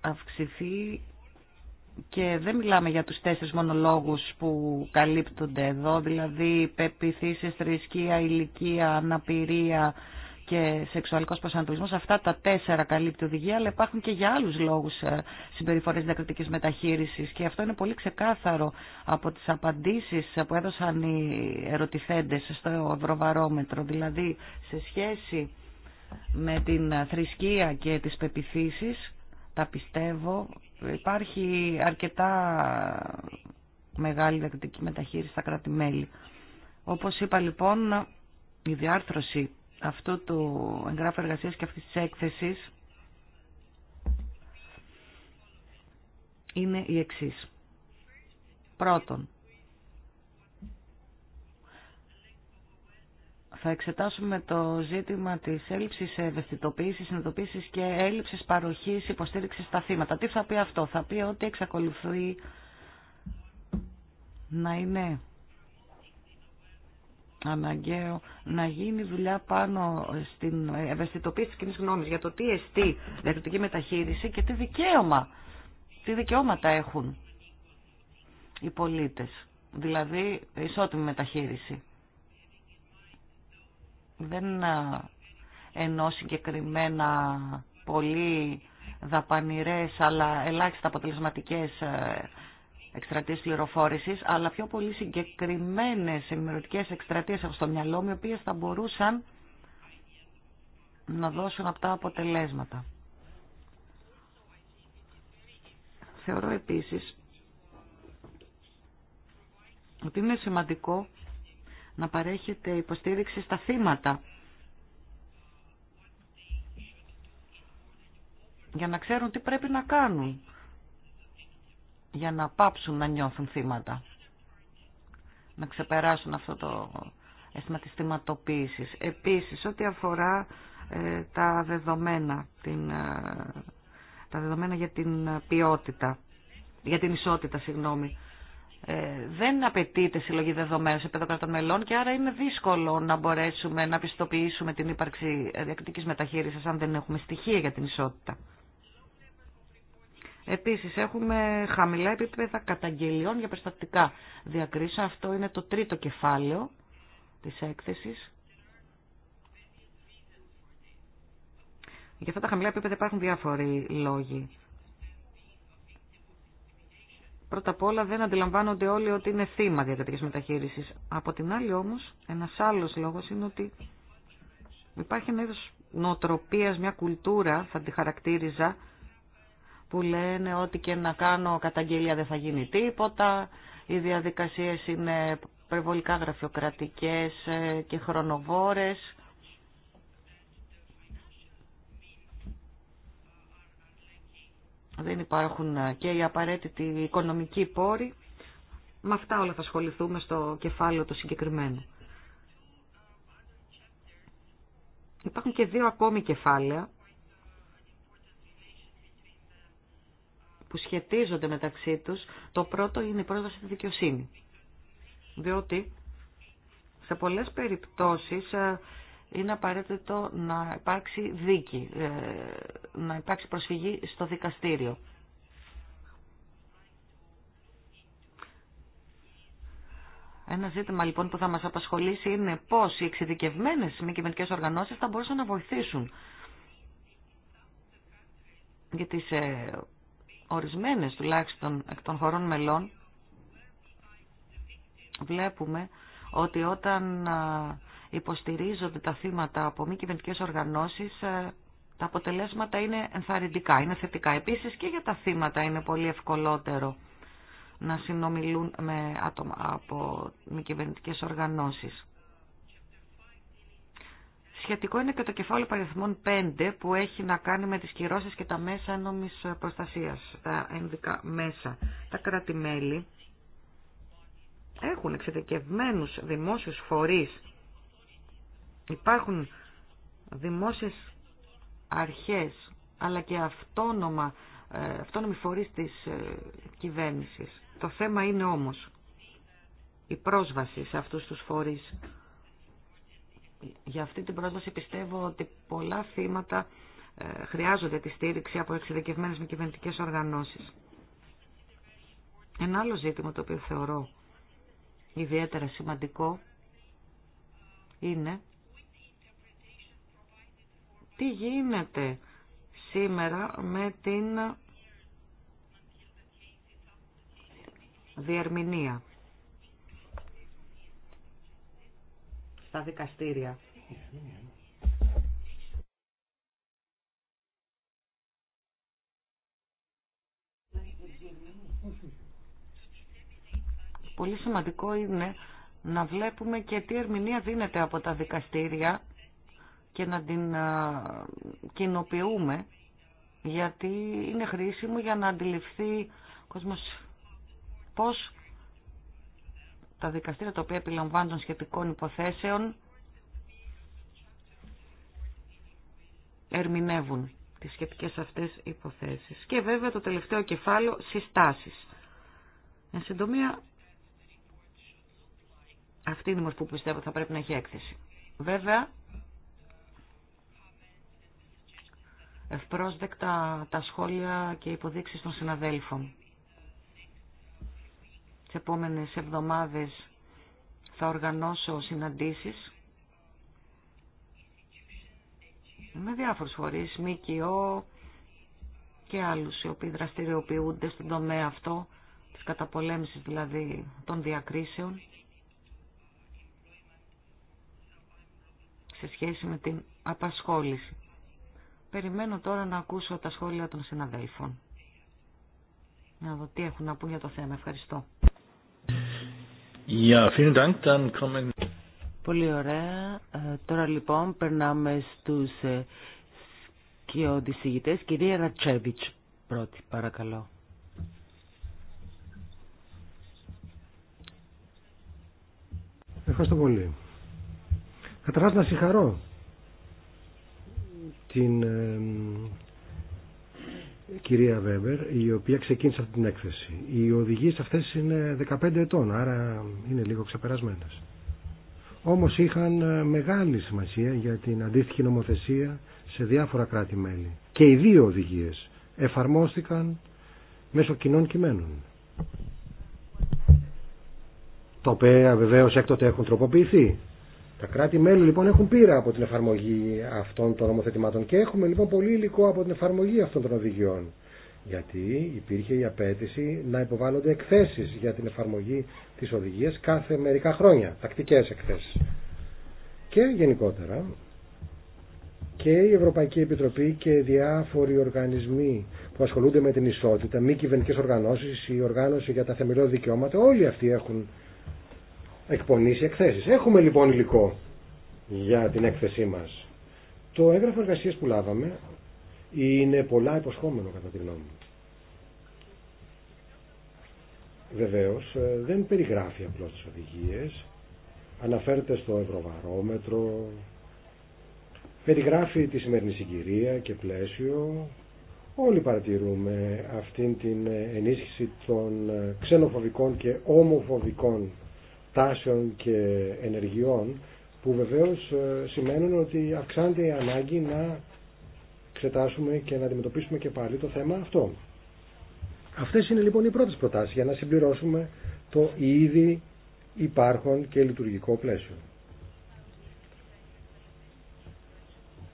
αυξηθεί και δεν μιλάμε για τους τέσσερις μονολόγους που καλύπτονται εδώ, δηλαδή πεπιθήσεις, θρησκεία, ηλικία, αναπηρία, και σεξουαλικό προσανατολισμό. Αυτά τα τέσσερα καλύπτει οδηγία, αλλά υπάρχουν και για άλλου λόγου ε, συμπεριφορέ διακριτική μεταχείριση. Και αυτό είναι πολύ ξεκάθαρο από τι απαντήσει που έδωσαν οι ερωτηθέντε στο Ευρωβαρόμετρο. Δηλαδή, σε σχέση με την θρησκεία και τις πεπιθήσει, τα πιστεύω, υπάρχει αρκετά μεγάλη διακριτική μεταχείριση στα κράτη-μέλη. Όπως είπα λοιπόν, η διάρθρωση αυτό του εγγράφου εργασίας και αυτής της έκθεσης είναι η εξής. Πρώτον, θα εξετάσουμε το ζήτημα της έλλειψης ευαισθητοποίησης, συνειδητοποίησης και έλλειψης παροχής υποστήριξης στα θύματα. Τι θα πει αυτό, θα πει ότι εξακολουθεί να είναι αναγκαίο να γίνει δουλειά πάνω στην ευαισθητοποίηση τη κοινή γνώμη για το τι εστί διακριτική μεταχείριση και τι δικαίωμα, τι δικαιώματα έχουν οι πολίτες. Δηλαδή ισότιμη μεταχείριση. Δεν ενώ συγκεκριμένα πολύ δαπανηρές αλλά ελάχιστα αποτελεσματικές ε, εκστρατείε πληροφόρηση, αλλά πιο πολύ συγκεκριμένε ενημερωτικέ εκστρατείε από στο μυαλό μου, οι οποίε θα μπορούσαν να δώσουν αυτά αποτελέσματα. Θεωρώ επίσης ότι είναι σημαντικό να παρέχεται υποστήριξη στα θύματα για να ξέρουν τι πρέπει να κάνουν για να πάψουν να νιώθουν θύματα. Να ξεπεράσουν αυτό το αίσθημα της θυματοποίησης. Επίσης, ό,τι αφορά ε, τα δεδομένα, την, ε, τα δεδομένα για την ποιότητα, για την ισότητα, συγγνώμη, ε, δεν απαιτείται συλλογή δεδομένων σε επίπεδο μελών και άρα είναι δύσκολο να μπορέσουμε να πιστοποιήσουμε την ύπαρξη διακριτικής μεταχείρισης αν δεν έχουμε στοιχεία για την ισότητα. Επίσης έχουμε χαμηλά επίπεδα καταγγελιών για περιστατικά διακρίσεων. Αυτό είναι το τρίτο κεφάλαιο της έκθεσης. Για αυτά τα χαμηλά επίπεδα υπάρχουν διάφοροι λόγοι. Πρώτα απ' όλα δεν αντιλαμβάνονται όλοι ότι είναι θύμα διατατική μεταχείρισης. Από την άλλη όμως, ένας άλλος λόγος είναι ότι υπάρχει ένα είδος νοοτροπίας, μια κουλτούρα, θα τη χαρακτήριζα, που λένε ότι και να κάνω καταγγελία δεν θα γίνει τίποτα, οι διαδικασίες είναι περιβολικά γραφειοκρατικές ε, και χρονοβόρες. Δεν υπάρχουν ε, και οι απαραίτητοι οικονομικοί πόροι. Με αυτά όλα θα ασχοληθούμε στο κεφάλαιο το συγκεκριμένο. Υπάρχουν και δύο ακόμη κεφάλαια που σχετίζονται μεταξύ τους. Το πρώτο είναι η πρόσβαση στη δικαιοσύνη. Διότι σε πολλές περιπτώσεις ε, είναι απαραίτητο να υπάρξει δίκη, ε, να υπάρξει προσφυγή στο δικαστήριο. Ένα ζήτημα λοιπόν που θα μας απασχολήσει είναι πώς οι εξειδικευμένες μη κυβερνικές οργανώσεις θα μπορούσαν να βοηθήσουν για τις ε, ορισμένες τουλάχιστον εκ των χωρών μελών βλέπουμε ότι όταν υποστηρίζονται τα θύματα από μη κυβερνητικέ οργανώσεις τα αποτελέσματα είναι ενθαρρυντικά, είναι θετικά. Επίσης και για τα θύματα είναι πολύ ευκολότερο να συνομιλούν με άτομα από μη κυβερνητικέ οργανώσεις. Σχετικό είναι και το κεφάλαιο παριθμών 5 που έχει να κάνει με τις κυρώσεις και τα μέσα νόμις προστασίας, τα ενδικά μέσα. Τα κράτη-μέλη έχουν εξειδικευμένους δημόσιους φορείς. Υπάρχουν δημόσιες αρχές, αλλά και αυτόνομα, ε, αυτόνομοι φορείς της ε, κυβέρνησης. Το θέμα είναι όμως η πρόσβαση σε αυτούς τους φορείς για αυτή την πρόσβαση πιστεύω ότι πολλά θύματα ε, χρειάζονται τη στήριξη από εξειδικευμένες με κυβερνητικές οργανώσεις. Ένα άλλο ζήτημα το οποίο θεωρώ ιδιαίτερα σημαντικό είναι τι γίνεται σήμερα με την διερμηνία στα δικαστήρια. Πολύ σημαντικό είναι να βλέπουμε και τι ερμηνεία δίνεται από τα δικαστήρια και να την κοινοποιούμε γιατί είναι χρήσιμο για να αντιληφθεί ο κόσμος πώς τα δικαστήρια τα οποία επιλαμβάνουν των σχετικών υποθέσεων ερμηνεύουν τις σχετικές αυτές υποθέσεις. Και βέβαια το τελευταίο κεφάλαιο συστάσεις. Εν συντομία, αυτή είναι η μορφή που πιστεύω θα πρέπει να έχει έκθεση. Βέβαια, ευπρόσδεκτα τα σχόλια και υποδείξεις των συναδέλφων τις επόμενες εβδομάδες θα οργανώσω συναντήσεις με διάφορους φορείς, ΜΚΟ και άλλους οι οποίοι δραστηριοποιούνται στον τομέα αυτό, της καταπολέμησης δηλαδή των διακρίσεων, σε σχέση με την απασχόληση. Περιμένω τώρα να ακούσω τα σχόλια των συναδέλφων. Να δω τι έχουν να πούν για το θέμα. Ευχαριστώ. Ja, vielen Dank. Dann kommen... Πολύ ωραία. Ε, τώρα λοιπόν περνάμε στους ε, σκιοδησηγητές. Κυρία Ρατσέβιτς πρώτη, παρακαλώ. Ευχαριστώ πολύ. Καταρχάς να συγχαρώ την ε, κυρία Βέμπερ, η οποία ξεκίνησε αυτή την έκθεση. Οι οδηγίες αυτές είναι 15 ετών, άρα είναι λίγο ξεπερασμένες. Όμως είχαν ε, μεγάλη σημασία για την αντίστοιχη νομοθεσία σε διάφορα κράτη-μέλη. Και οι δύο οδηγίες εφαρμόστηκαν μέσω κοινών κειμένων. Τα οποία βεβαίως έκτοτε έχουν τροποποιηθεί τα κράτη-μέλη λοιπόν έχουν πείρα από την εφαρμογή αυτών των νομοθετημάτων και έχουμε λοιπόν πολύ υλικό από την εφαρμογή αυτών των οδηγιών. Γιατί υπήρχε η απέτηση να υποβάλλονται εκθέσει για την εφαρμογή τη οδηγία κάθε μερικά χρόνια. Τακτικέ εκθέσει. Και γενικότερα και η Ευρωπαϊκή Επιτροπή και διάφοροι οργανισμοί που ασχολούνται με την ισότητα, μη κυβερνητικέ οργανώσει, η οργάνωση για τα θεμελιώδη δικαιώματα, όλοι αυτοί έχουν εκπονήσει εκθέσεις. Έχουμε λοιπόν υλικό για την έκθεσή μας. Το έγγραφο εργασίας που λάβαμε είναι πολλά υποσχόμενο κατά τη γνώμη μου. Βεβαίως ε, δεν περιγράφει απλώς τις οδηγίες, αναφέρεται στο ευρωβαρόμετρο, περιγράφει τη σημερινή συγκυρία και πλαίσιο. Όλοι παρατηρούμε αυτήν την ε, ενίσχυση των ε, ξενοφοβικών και ομοφοβικών τάσεων και ενεργειών που βεβαίως ε, σημαίνουν ότι αυξάνεται η ανάγκη να εξετάσουμε και να αντιμετωπίσουμε και πάλι το θέμα αυτό. Αυτές είναι λοιπόν οι πρώτες προτάσεις για να συμπληρώσουμε το ήδη υπάρχον και λειτουργικό πλαίσιο.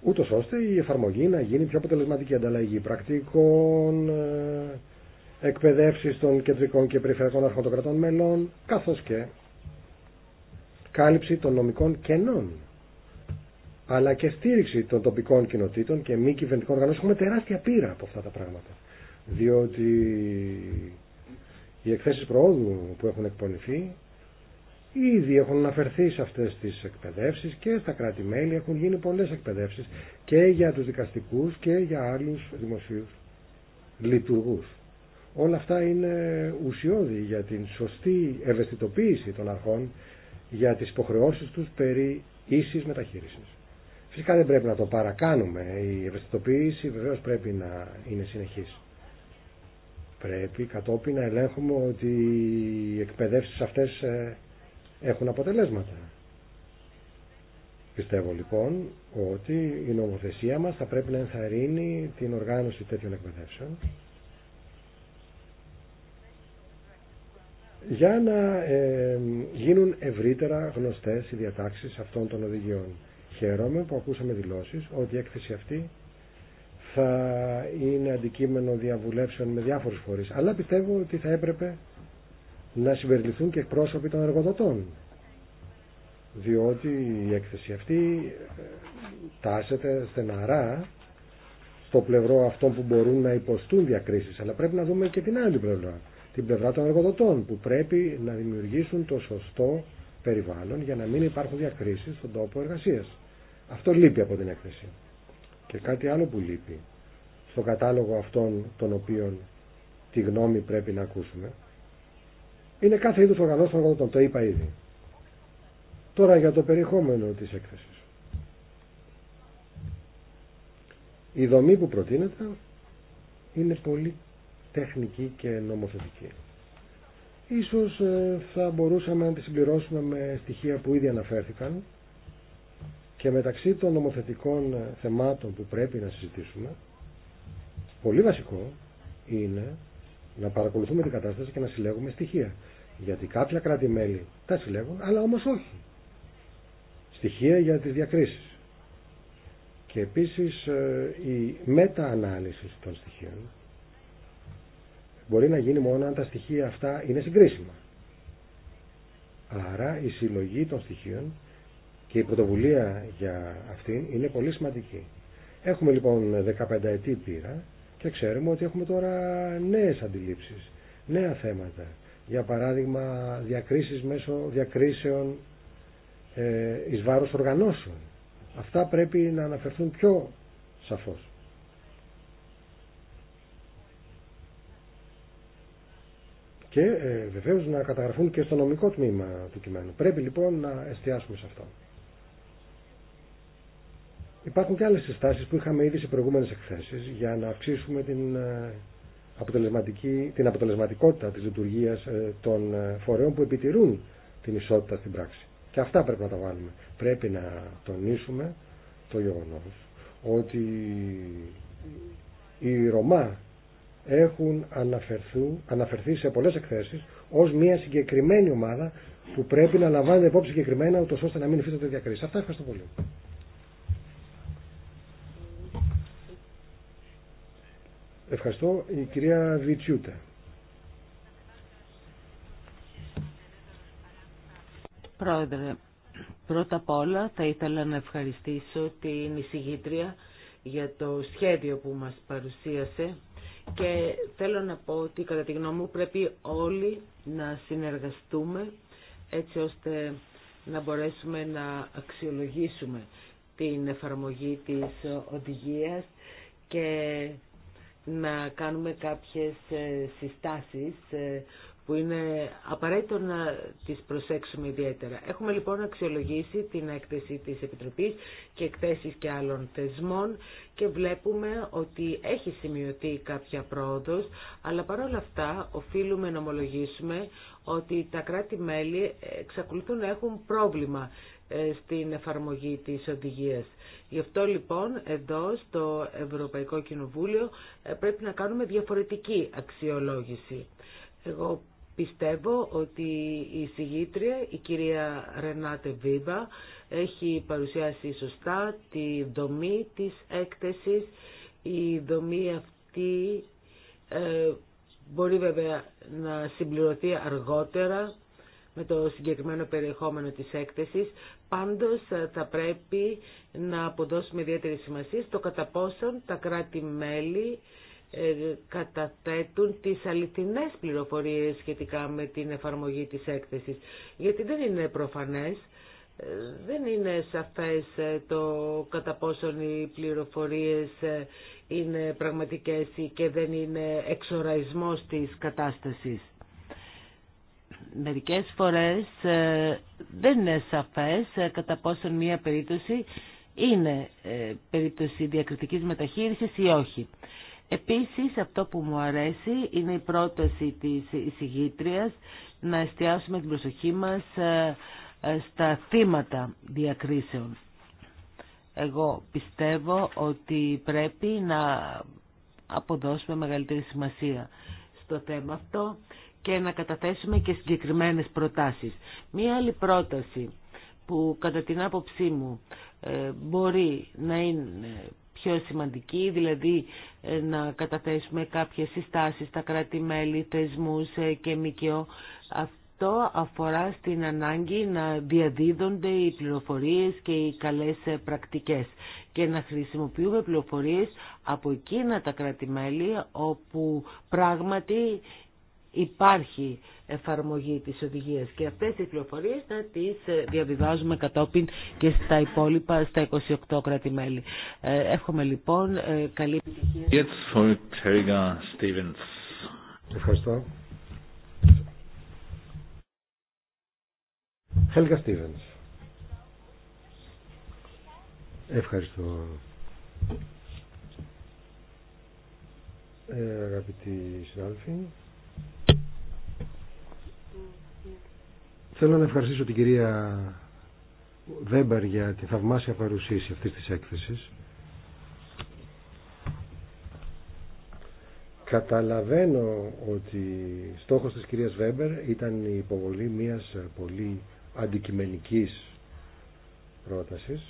Ούτω ώστε η εφαρμογή να γίνει πιο αποτελεσματική ανταλλαγή πρακτικών, ε, εκπαιδεύσει των κεντρικών και περιφερειακών αρχών μελών, καθώ και κάλυψη των νομικών κενών αλλά και στήριξη των τοπικών κοινοτήτων και μη κυβερνητικών οργανώσεων. Έχουμε τεράστια πείρα από αυτά τα πράγματα. Διότι οι εκθέσει προόδου που έχουν εκπονηθεί ήδη έχουν αναφερθεί σε αυτές τις εκπαιδεύσει και στα κράτη-μέλη έχουν γίνει πολλέ εκπαιδεύσει και για του δικαστικού και για άλλου δημοσίου λειτουργού. Όλα αυτά είναι ουσιώδη για την σωστή ευαισθητοποίηση των αρχών για τις υποχρεώσεις τους περί ίσης μεταχείρισης. Φυσικά δεν πρέπει να το παρακάνουμε. Η ευαισθητοποίηση βεβαίως πρέπει να είναι συνεχής. Πρέπει κατόπιν να ελέγχουμε ότι οι εκπαιδεύσεις αυτές ε, έχουν αποτελέσματα. Πιστεύω λοιπόν ότι η νομοθεσία μας θα πρέπει να ενθαρρύνει την οργάνωση τέτοιων εκπαιδεύσεων για να ε, γίνουν ευρύτερα γνωστές οι διατάξεις αυτών των οδηγιών. Χαίρομαι που ακούσαμε δηλώσεις ότι η έκθεση αυτή θα είναι αντικείμενο διαβουλεύσεων με διάφορους φορείς, αλλά πιστεύω ότι θα έπρεπε να συμπεριληφθούν και εκπρόσωποι των εργοδοτών, διότι η έκθεση αυτή ε, τάσεται στεναρά στο πλευρό αυτών που μπορούν να υποστούν διακρίσεις, αλλά πρέπει να δούμε και την άλλη πλευρά την πλευρά των εργοδοτών που πρέπει να δημιουργήσουν το σωστό περιβάλλον για να μην υπάρχουν διακρίσεις στον τόπο εργασίας. Αυτό λείπει από την έκθεση. Και κάτι άλλο που λείπει στο κατάλογο αυτών των οποίων τη γνώμη πρέπει να ακούσουμε είναι κάθε είδους οργανώσεις των εργοδοτών. Το είπα ήδη. Τώρα για το περιεχόμενο της έκθεσης. Η δομή που προτείνεται είναι πολύ τεχνική και νομοθετική. Ίσως ε, θα μπορούσαμε να τη συμπληρώσουμε με στοιχεία που ήδη αναφέρθηκαν και μεταξύ των νομοθετικών ε, θεμάτων που πρέπει να συζητήσουμε πολύ βασικό είναι να παρακολουθούμε την κατάσταση και να συλλέγουμε στοιχεία. Γιατί κάποια κράτη-μέλη τα συλλέγουν, αλλά όμως όχι. Στοιχεία για τις διακρίσεις. Και επίσης ε, η μετα-ανάλυση των στοιχείων μπορεί να γίνει μόνο αν τα στοιχεία αυτά είναι συγκρίσιμα. Άρα η συλλογή των στοιχείων και η πρωτοβουλία για αυτήν είναι πολύ σημαντική. Έχουμε λοιπόν 15 ετή πείρα και ξέρουμε ότι έχουμε τώρα νέες αντιλήψεις, νέα θέματα. Για παράδειγμα διακρίσεις μέσω διακρίσεων ε, εις βάρος οργανώσεων. Αυτά πρέπει να αναφερθούν πιο σαφώς. και ε, βεβαίως να καταγραφούν και στο νομικό τμήμα του κειμένου. Πρέπει λοιπόν να εστιάσουμε σε αυτό. Υπάρχουν και άλλες συστάσεις που είχαμε ήδη σε προηγούμενες εκθέσεις για να αυξήσουμε την, ε, αποτελεσματική, την αποτελεσματικότητα της λειτουργίας ε, των ε, φορέων που επιτηρούν την ισότητα στην πράξη. Και αυτά πρέπει να τα βάλουμε. Πρέπει να τονίσουμε το γεγονός ότι η Ρωμά έχουν αναφερθεί σε πολλές εκθέσεις ως μια συγκεκριμένη ομάδα που πρέπει να λαμβάνεται υπόψη συγκεκριμένα ούτως ώστε να μην υφίσταται διακρίσεις. Αυτά ευχαριστώ πολύ. Ευχαριστώ η κυρία Βιτσιούτα. Πρόεδρε, πρώτα απ' όλα θα ήθελα να ευχαριστήσω την εισηγήτρια για το σχέδιο που μας παρουσίασε και θέλω να πω ότι κατά τη γνώμη μου πρέπει όλοι να συνεργαστούμε έτσι ώστε να μπορέσουμε να αξιολογήσουμε την εφαρμογή της οδηγίας και να κάνουμε κάποιες ε, συστάσεις ε, που είναι απαραίτητο να τις προσέξουμε ιδιαίτερα. Έχουμε λοιπόν αξιολογήσει την έκθεση της Επιτροπής και εκθέσεις και άλλων θεσμών και βλέπουμε ότι έχει σημειωθεί κάποια πρόοδος, αλλά παρόλα αυτά οφείλουμε να ομολογήσουμε ότι τα κράτη-μέλη εξακολουθούν να έχουν πρόβλημα ε, στην εφαρμογή της οδηγίας. Γι' αυτό λοιπόν εδώ στο Ευρωπαϊκό Κοινοβούλιο ε, πρέπει να κάνουμε διαφορετική αξιολόγηση. Εγώ Πιστεύω ότι η συγγήτρια, η κυρία Ρενάτε Βίβα, έχει παρουσιάσει σωστά τη δομή της έκθεσης. Η δομή αυτή ε, μπορεί βέβαια να συμπληρωθεί αργότερα με το συγκεκριμένο περιεχόμενο της έκθεσης. Πάντως ε, θα πρέπει να αποδώσουμε ιδιαίτερη σημασία στο κατά πόσον τα κράτη-μέλη ε, καταθέτουν τις αληθινές πληροφορίες σχετικά με την εφαρμογή της έκθεσης. Γιατί δεν είναι προφανές, ε, δεν είναι σαφές ε, το κατά πόσον οι πληροφορίες είναι πραγματικές και δεν είναι εξοραϊσμός της κατάστασης. Μερικές φορές δεν είναι σαφές κατά πόσον μία περίπτωση είναι περίπτωση διακριτικής μεταχείρισης ή όχι. Επίσης αυτό που μου αρέσει είναι η πρόταση της εισηγήτριας να εστιάσουμε την προσοχή μας ε, ε, στα θύματα διακρίσεων. Εγώ πιστεύω ότι πρέπει να αποδώσουμε μεγαλύτερη σημασία στο θέμα αυτό και να καταθέσουμε και συγκεκριμένες προτάσεις. Μία άλλη πρόταση που κατά την άποψή μου ε, μπορεί να είναι πιο σημαντική, δηλαδή ε, να καταθέσουμε κάποιες συστάσεις στα κράτη-μέλη, θεσμούς ε, και ΜΚΟ. Αυτό αφορά στην ανάγκη να διαδίδονται οι πληροφορίες και οι καλές ε, πρακτικές και να χρησιμοποιούμε πληροφορίες από εκείνα τα κράτη-μέλη όπου πράγματι υπάρχει εφαρμογή της οδηγίας και αυτές οι πληροφορίες θα τις ε, διαβιβάζουμε κατόπιν και στα υπόλοιπα, στα 28 κράτη-μέλη. Ε, εύχομαι λοιπόν ε, καλή επιτυχία. Ευχαριστώ. Χέλγα Στίβενς. Ευχαριστώ. Ε, αγαπητοί συνάδελφοι. Θέλω να ευχαριστήσω την κυρία Βέμπερ για τη θαυμάσια παρουσίαση αυτής της έκθεσης. Καταλαβαίνω ότι στόχος της κυρίας Βέμπερ ήταν η υποβολή μιας πολύ αντικειμενικής πρότασης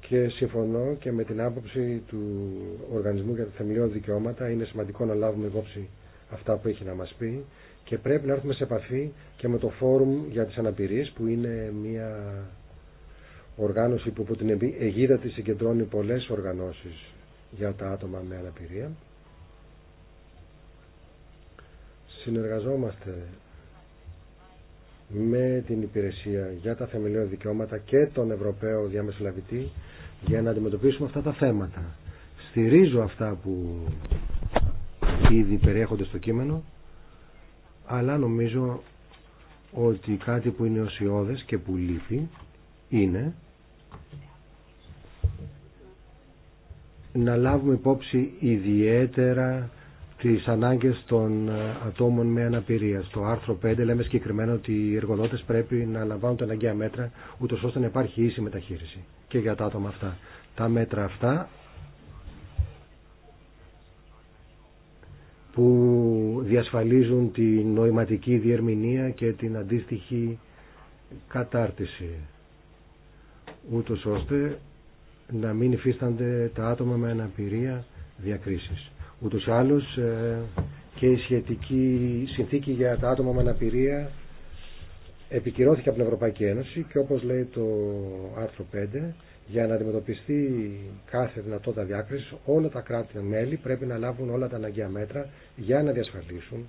και συμφωνώ και με την άποψη του Οργανισμού για τα Θεμελιώδη Δικαιώματα είναι σημαντικό να λάβουμε υπόψη αυτά που έχει να μας πει και πρέπει να έρθουμε σε επαφή και με το Φόρουμ για τις Αναπηρίες που είναι μια οργάνωση που από την αιγίδα της συγκεντρώνει πολλές οργανώσεις για τα άτομα με αναπηρία. Συνεργαζόμαστε με την Υπηρεσία για τα Θεμελιώδη Δικαιώματα και τον Ευρωπαίο Διαμεσολαβητή για να αντιμετωπίσουμε αυτά τα θέματα. Στηρίζω αυτά που ήδη περιέχονται στο κείμενο αλλά νομίζω ότι κάτι που είναι οσιώδες και που λείπει είναι να λάβουμε υπόψη ιδιαίτερα τις ανάγκες των ε, ατόμων με αναπηρία. Στο άρθρο 5 λέμε συγκεκριμένα ότι οι εργοδότες πρέπει να λαμβάνουν τα αναγκαία μέτρα ούτως ώστε να υπάρχει ίση μεταχείριση και για τα άτομα αυτά. Τα μέτρα αυτά που διασφαλίζουν τη νοηματική διερμηνία και την αντίστοιχη κατάρτιση ούτως ώστε να μην υφίστανται τα άτομα με αναπηρία διακρίσεις. Ούτως άλλως ε, και η σχετική συνθήκη για τα άτομα με αναπηρία επικυρώθηκε από την Ευρωπαϊκή Ένωση και όπως λέει το άρθρο 5 για να αντιμετωπιστεί κάθε δυνατότητα διάκριση, όλα τα κράτη-μέλη πρέπει να λάβουν όλα τα αναγκαία μέτρα για να διασφαλίσουν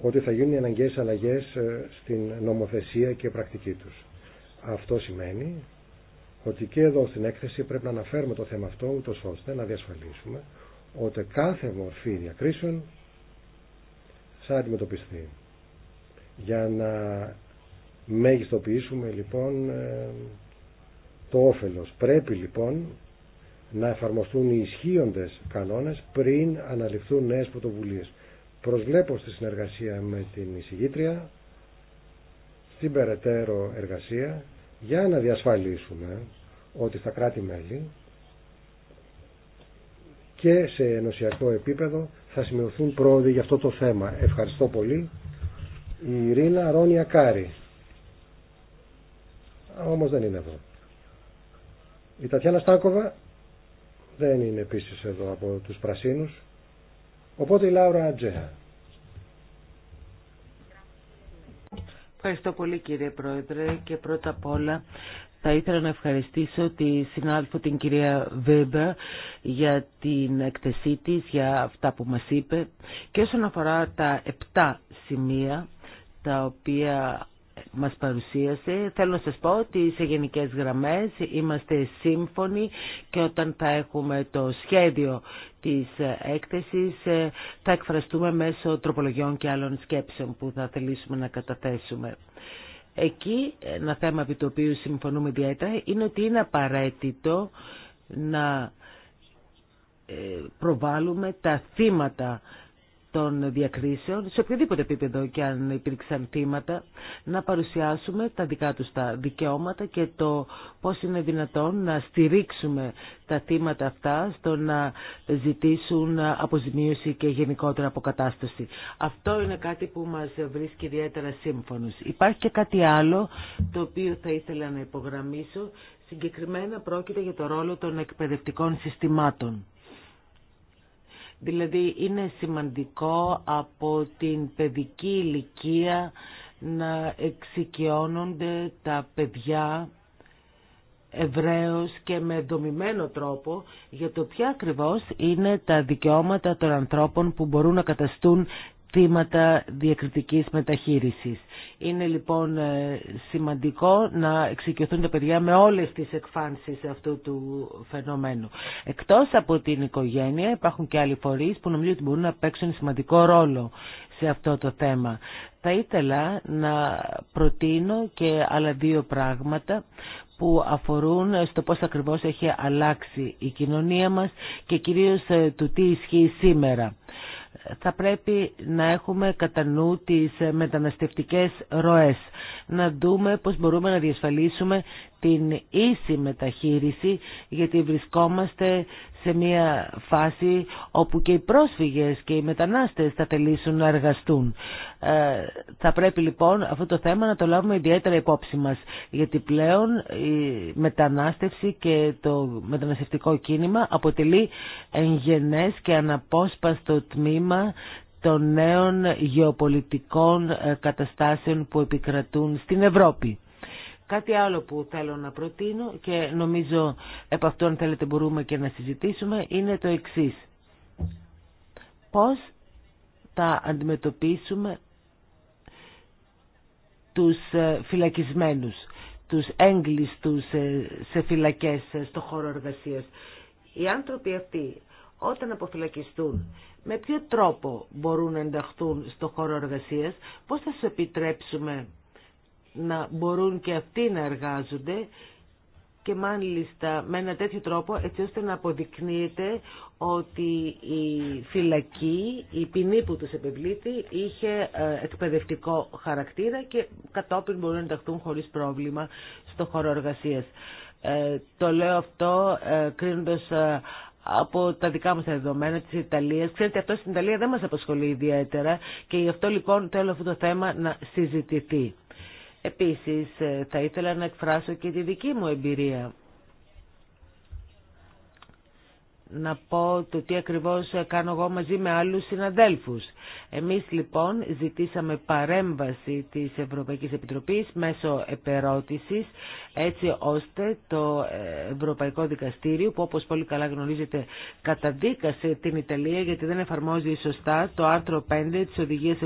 ότι θα γίνουν οι αναγκαίες αλλαγές ε, στην νομοθεσία και πρακτική τους. Αυτό σημαίνει ότι και εδώ στην έκθεση πρέπει να αναφέρουμε το θέμα αυτό, ούτως ώστε να διασφαλίσουμε ότι κάθε μορφή διακρίσεων θα αντιμετωπιστεί για να μέγιστοποιήσουμε λοιπόν ε, το όφελος. Πρέπει λοιπόν να εφαρμοστούν οι ισχύοντες κανόνες πριν αναλυφθούν νέες πρωτοβουλίες. Προσβλέπω στη συνεργασία με την εισηγήτρια, στην περαιτέρω εργασία, για να διασφαλίσουμε ότι στα κράτη-μέλη και σε ενωσιακό επίπεδο θα σημειωθούν πρόοδοι για αυτό το θέμα. Ευχαριστώ πολύ. Η Ειρήνα Ρόνια Κάρη όμως δεν είναι εδώ. Η Τατιάνα Στάκοβα δεν είναι επίσης εδώ από τους Πρασίνους. Οπότε η Λάουρα Ατζέα. Ευχαριστώ πολύ κύριε Πρόεδρε και πρώτα απ' όλα θα ήθελα να ευχαριστήσω τη συνάδελφο την κυρία Βέμπερ για την εκθεσή της, για αυτά που μας είπε και όσον αφορά τα επτά σημεία τα οποία μας παρουσίασε. Θέλω να σας πω ότι σε γενικές γραμμές είμαστε σύμφωνοι και όταν θα έχουμε το σχέδιο της έκθεσης ε, θα εκφραστούμε μέσω τροπολογιών και άλλων σκέψεων που θα θελήσουμε να καταθέσουμε. Εκεί ένα θέμα επί το οποίο συμφωνούμε ιδιαίτερα είναι ότι είναι απαραίτητο να ε, προβάλλουμε τα θύματα των διακρίσεων, σε οποιοδήποτε επίπεδο και αν υπήρξαν θύματα, να παρουσιάσουμε τα δικά τους τα δικαιώματα και το πώς είναι δυνατόν να στηρίξουμε τα θύματα αυτά στο να ζητήσουν αποζημίωση και γενικότερα αποκατάσταση. Αυτό είναι κάτι που μας βρίσκει ιδιαίτερα σύμφωνος. Υπάρχει και κάτι άλλο το οποίο θα ήθελα να υπογραμμίσω. Συγκεκριμένα πρόκειται για το ρόλο των εκπαιδευτικών συστημάτων. Δηλαδή είναι σημαντικό από την παιδική ηλικία να εξοικειώνονται τα παιδιά ευρέως και με δομημένο τρόπο για το ποια ακριβώς είναι τα δικαιώματα των ανθρώπων που μπορούν να καταστούν θύματα διακριτικής μεταχείρισης. Είναι λοιπόν ε, σημαντικό να εξοικειωθούν τα παιδιά με όλες τις εκφάνσεις αυτού του φαινομένου. Εκτός από την οικογένεια υπάρχουν και άλλοι φορείς που νομίζω ότι μπορούν να παίξουν σημαντικό ρόλο σε αυτό το θέμα. Θα ήθελα να προτείνω και άλλα δύο πράγματα που αφορούν στο πώς ακριβώς έχει αλλάξει η κοινωνία μας και κυρίως ε, του τι ισχύει σήμερα θα πρέπει να έχουμε κατά νου τις ε, μεταναστευτικές ροές. Να δούμε πώς μπορούμε να διασφαλίσουμε την ίση μεταχείριση γιατί βρισκόμαστε σε μια φάση όπου και οι πρόσφυγες και οι μετανάστες θα θελήσουν να εργαστούν. Ε, θα πρέπει λοιπόν αυτό το θέμα να το λάβουμε ιδιαίτερα υπόψη μας, γιατί πλέον η μετανάστευση και το μεταναστευτικό κίνημα αποτελεί εγγενές και αναπόσπαστο τμήμα των νέων γεωπολιτικών ε, καταστάσεων που επικρατούν στην Ευρώπη. Κάτι άλλο που θέλω να προτείνω και νομίζω επ' αυτόν θέλετε μπορούμε και να συζητήσουμε είναι το εξής. Πώς θα αντιμετωπίσουμε τους ε, φυλακισμένους, τους έγκλειστους ε, σε φυλακές ε, στο χώρο εργασίας. Οι άνθρωποι αυτοί όταν αποφυλακιστούν, με ποιο τρόπο μπορούν να ενταχθούν στο χώρο εργασίας, πώς θα σου επιτρέψουμε να μπορούν και αυτοί να εργάζονται και μάλιστα με ένα τέτοιο τρόπο έτσι ώστε να αποδεικνύεται ότι η φυλακή, η ποινή που τους επιβλήθη είχε ε, εκπαιδευτικό χαρακτήρα και κατόπιν μπορούν να ενταχθούν χωρίς πρόβλημα στο χώρο εργασίας. Ε, το λέω αυτό ε, κρίνοντας από τα δικά μας τα δεδομένα της Ιταλίας. Ξέρετε, αυτό στην Ιταλία δεν μας απασχολεί ιδιαίτερα και γι' αυτό λοιπόν θέλω αυτό το θέμα να συζητηθεί. Επίσης ε, θα ήθελα να εκφράσω και τη δική μου εμπειρία να πω το τι ακριβώς κάνω εγώ μαζί με άλλους συναδέλφους. Εμείς λοιπόν ζητήσαμε παρέμβαση της Ευρωπαϊκής Επιτροπής μέσω επερώτησης έτσι ώστε το Ευρωπαϊκό Δικαστήριο που όπως πολύ καλά γνωρίζετε καταδίκασε την Ιταλία γιατί δεν εφαρμόζει σωστά το άρθρο 5 της Οδηγίας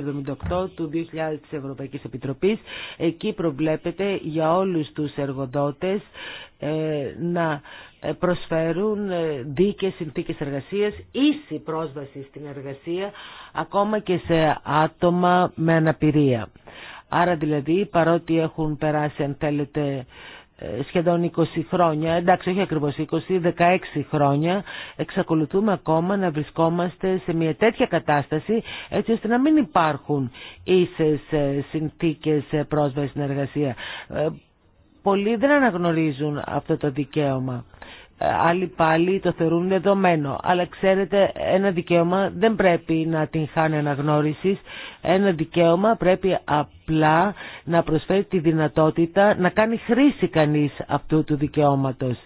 78 του 2000 της Ευρωπαϊκής Επιτροπής. Εκεί προβλέπεται για όλους τους εργοδότες ε, να ε, προσφέρουν ε, δίκαιες συνθήκες εργασίας, ίση πρόσβαση στην εργασία, ακόμα και σε άτομα με αναπηρία. Άρα δηλαδή, παρότι έχουν περάσει, αν θέλετε, ε, σχεδόν 20 χρόνια, εντάξει όχι ακριβώς 20, 16 χρόνια, εξακολουθούμε ακόμα να βρισκόμαστε σε μια τέτοια κατάσταση έτσι ώστε να μην υπάρχουν ίσες συνθήκες πρόσβασης στην εργασία. Πολλοί δεν αναγνωρίζουν αυτό το δικαίωμα. Ε, άλλοι πάλι το θεωρούν δεδομένο. Αλλά ξέρετε, ένα δικαίωμα δεν πρέπει να την χάνει αναγνώριση. Ένα δικαίωμα πρέπει απλά να προσφέρει τη δυνατότητα να κάνει χρήση κανείς αυτού του δικαιώματος.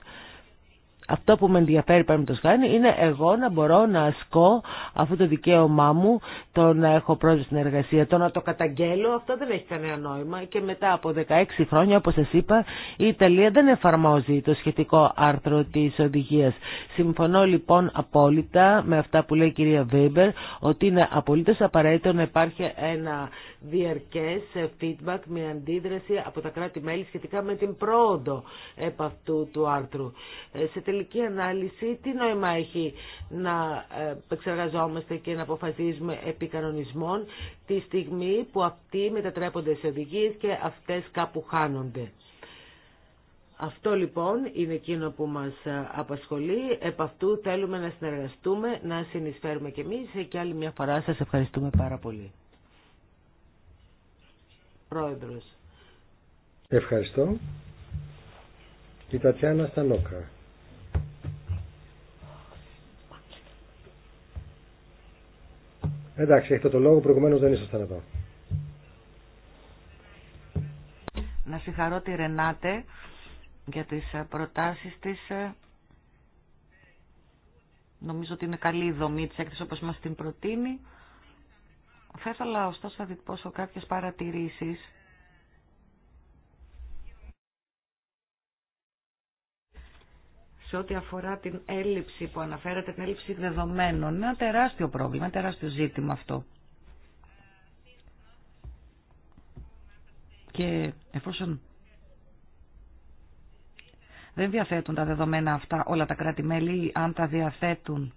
Αυτό που με ενδιαφέρει το χάρη είναι εγώ να μπορώ να ασκώ αυτό το δικαίωμά μου, το να έχω πρόσβαση στην εργασία, το να το καταγγέλω, αυτό δεν έχει κανένα νόημα. Και μετά από 16 χρόνια, όπω σα είπα, η Ιταλία δεν εφαρμόζει το σχετικό άρθρο τη οδηγία. Συμφωνώ λοιπόν απόλυτα με αυτά που λέει η κυρία Βέμπερ, ότι είναι απολύτω απαραίτητο να υπάρχει ένα διαρκέ feedback, μια αντίδραση από τα κράτη-μέλη σχετικά με την πρόοδο επ' αυτού του άρθρου. Ε, τελική ανάλυση τι νόημα έχει να ε, επεξεργαζόμαστε και να αποφασίζουμε επί κανονισμών τη στιγμή που αυτοί μετατρέπονται σε οδηγίες και αυτές κάπου χάνονται. Αυτό λοιπόν είναι εκείνο που μας ε, απασχολεί. Επ' αυτού θέλουμε να συνεργαστούμε, να συνεισφέρουμε κι εμείς και άλλη μια φορά σας ευχαριστούμε πάρα πολύ. Πρόεδρος. Ευχαριστώ. Η Τατιάνα Στανόκα. Εντάξει, έχετε το λόγο, προηγουμένω δεν ήσασταν εδώ. Να συγχαρώ τη Ρενάτε για τις ε, προτάσεις της. Ε. Νομίζω ότι είναι καλή η δομή της έκθεσης όπως μας την προτείνει. Θα ήθελα ωστόσο να διτυπώσω κάποιες παρατηρήσεις σε ό,τι αφορά την έλλειψη που αναφέρατε, την έλλειψη δεδομένων. Ένα τεράστιο πρόβλημα, ένα τεράστιο ζήτημα αυτό. Και εφόσον δεν διαθέτουν τα δεδομένα αυτά όλα τα κράτη-μέλη, αν τα διαθέτουν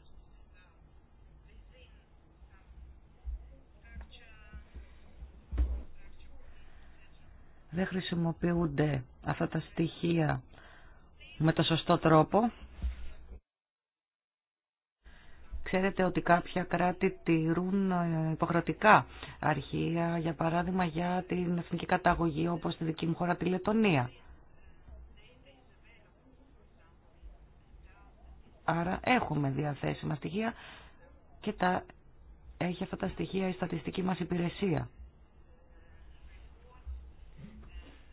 δεν χρησιμοποιούνται αυτά τα στοιχεία με το σωστό τρόπο. Ξέρετε ότι κάποια κράτη τηρούν ε, υποχρεωτικά αρχεία, για παράδειγμα για την εθνική καταγωγή όπως στη δική μου χώρα τη Λετωνία. Άρα έχουμε διαθέσιμα στοιχεία και τα έχει αυτά τα στοιχεία η στατιστική μας υπηρεσία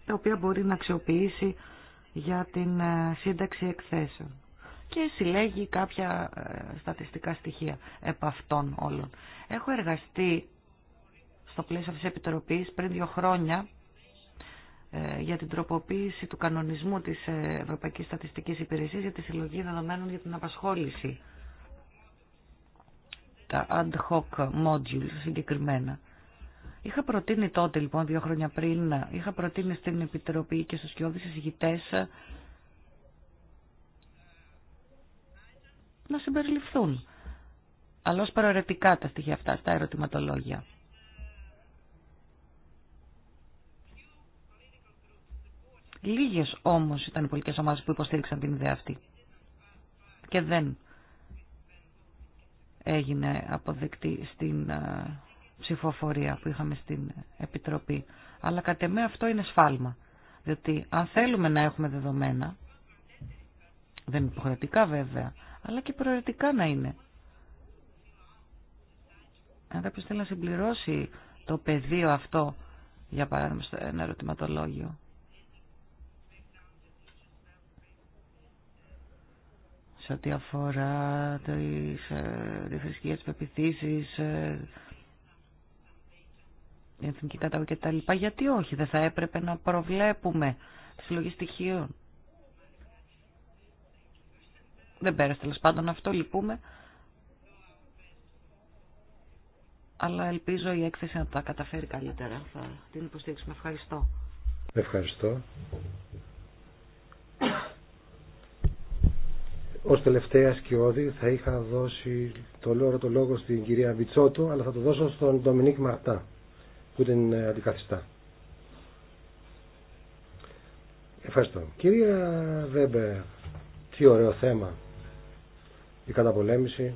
τα οποία μπορεί να αξιοποιήσει για την ε, σύνταξη εκθέσεων και συλλέγει κάποια ε, στατιστικά στοιχεία επ' αυτών όλων. Έχω εργαστεί στο πλαίσιο της Επιτροπής πριν δύο χρόνια ε, για την τροποποίηση του κανονισμού της Ευρωπαϊκής Στατιστικής Υπηρεσίας για τη συλλογή δεδομένων για την απασχόληση. Τα ad hoc modules συγκεκριμένα. Είχα προτείνει τότε λοιπόν δύο χρόνια πριν, είχα προτείνει στην Επιτροπή και στους κοιόδης εισηγητές να συμπεριληφθούν. Αλλά ως παρορετικά τα στοιχεία αυτά, στα ερωτηματολόγια. Λίγες όμως ήταν οι πολιτικές ομάδες που υποστήριξαν την ιδέα αυτή. Και δεν έγινε αποδεκτή στην ε, ψηφοφορία που είχαμε στην Επιτροπή. Αλλά κατ' εμέ αυτό είναι σφάλμα. Διότι αν θέλουμε να έχουμε δεδομένα, δεν είναι υποχρεωτικά βέβαια, αλλά και προαιρετικά να είναι. Αν κάποιος θέλει να συμπληρώσει το πεδίο αυτό, για παράδειγμα, στο ένα ερωτηματολόγιο, σε ό,τι αφορά τι ε, τη ε, εθνική καταγωγή κτλ. Γιατί όχι, δεν θα έπρεπε να προβλέπουμε τη συλλογή στοιχείων. Δεν πέρασε τέλο πάντων αυτό, λυπούμε. Αλλά ελπίζω η έκθεση να τα καταφέρει καλύτερα. Θα την υποστήριξουμε. Ευχαριστώ. Ευχαριστώ. Ω τελευταία σκιώδη θα είχα δώσει το λόγο, στην κυρία Βιτσότου αλλά θα το δώσω στον Ντομινίκ Μαρτά που την ε, αντικαθιστά. Ευχαριστώ. Κυρία Βέμπερ, τι ωραίο θέμα. Η καταπολέμηση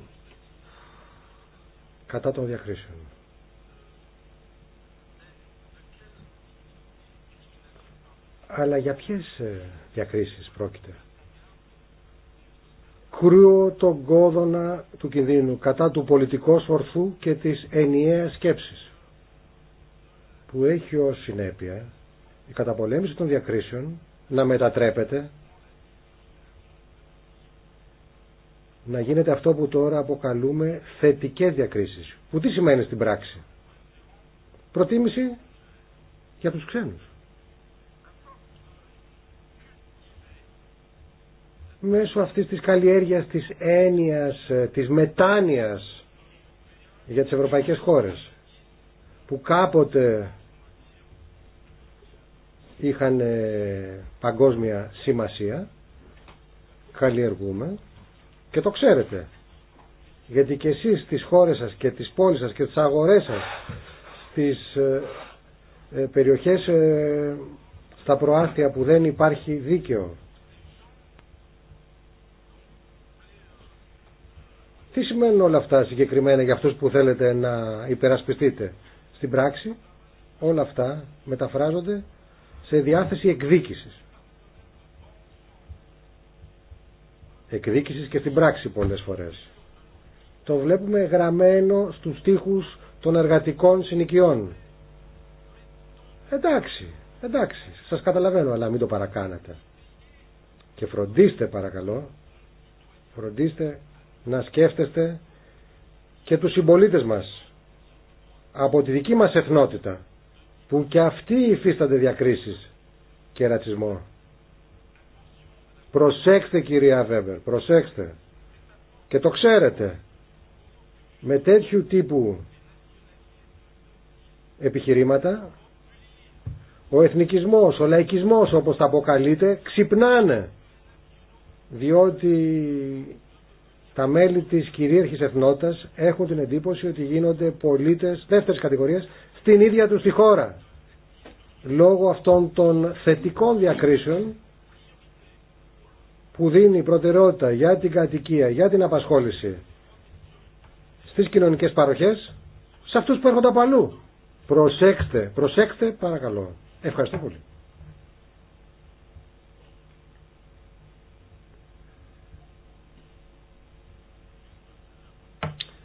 κατά των διακρίσεων. Αλλά για ποιες ε, διακρίσεις πρόκειται. Κρούω τον κόδωνα του κινδύνου κατά του πολιτικού ορθού και της ενιαίας σκέψης που έχει ως συνέπεια η καταπολέμηση των διακρίσεων να μετατρέπεται να γίνεται αυτό που τώρα αποκαλούμε θετικές διακρίσεις. Που τι σημαίνει στην πράξη. Προτίμηση για τους ξένους. Μέσω αυτής της καλλιέργειας της έννοιας, της μετάνοιας για τις ευρωπαϊκές χώρες που κάποτε είχαν ε, παγκόσμια σημασία καλλιεργούμε και το ξέρετε γιατί και εσείς στις χώρες σας και τις πόλεις σας και τις αγορές σας στις ε, ε, περιοχές στα προάστια που δεν υπάρχει δίκαιο Τι σημαίνουν όλα αυτά συγκεκριμένα για αυτούς που θέλετε να υπερασπιστείτε στην πράξη όλα αυτά μεταφράζονται σε διάθεση εκδίκησης. Εκδίκησης και στην πράξη πολλές φορές. Το βλέπουμε γραμμένο στους στίχους των εργατικών συνοικιών. Εντάξει, εντάξει, σας καταλαβαίνω, αλλά μην το παρακάνετε. Και φροντίστε παρακαλώ, φροντίστε να σκέφτεστε και τους συμπολίτες μας από τη δική μας εθνότητα που και αυτοί υφίστανται διακρίσεις και ρατσισμό. Προσέξτε κυρία Βέμπερ, προσέξτε. Και το ξέρετε. Με τέτοιου τύπου επιχειρήματα ο εθνικισμός, ο λαϊκισμός όπως τα αποκαλείτε, ξυπνάνε διότι τα μέλη της κυρίαρχης εθνότητας έχουν την εντύπωση ότι γίνονται πολίτες δεύτερης κατηγορίας την ίδια του τη χώρα. Λόγω αυτών των θετικών διακρίσεων που δίνει προτεραιότητα για την κατοικία, για την απασχόληση στις κοινωνικές παροχές, σε αυτούς που έρχονται από αλλού. Προσέξτε, προσέξτε παρακαλώ. Ευχαριστώ πολύ.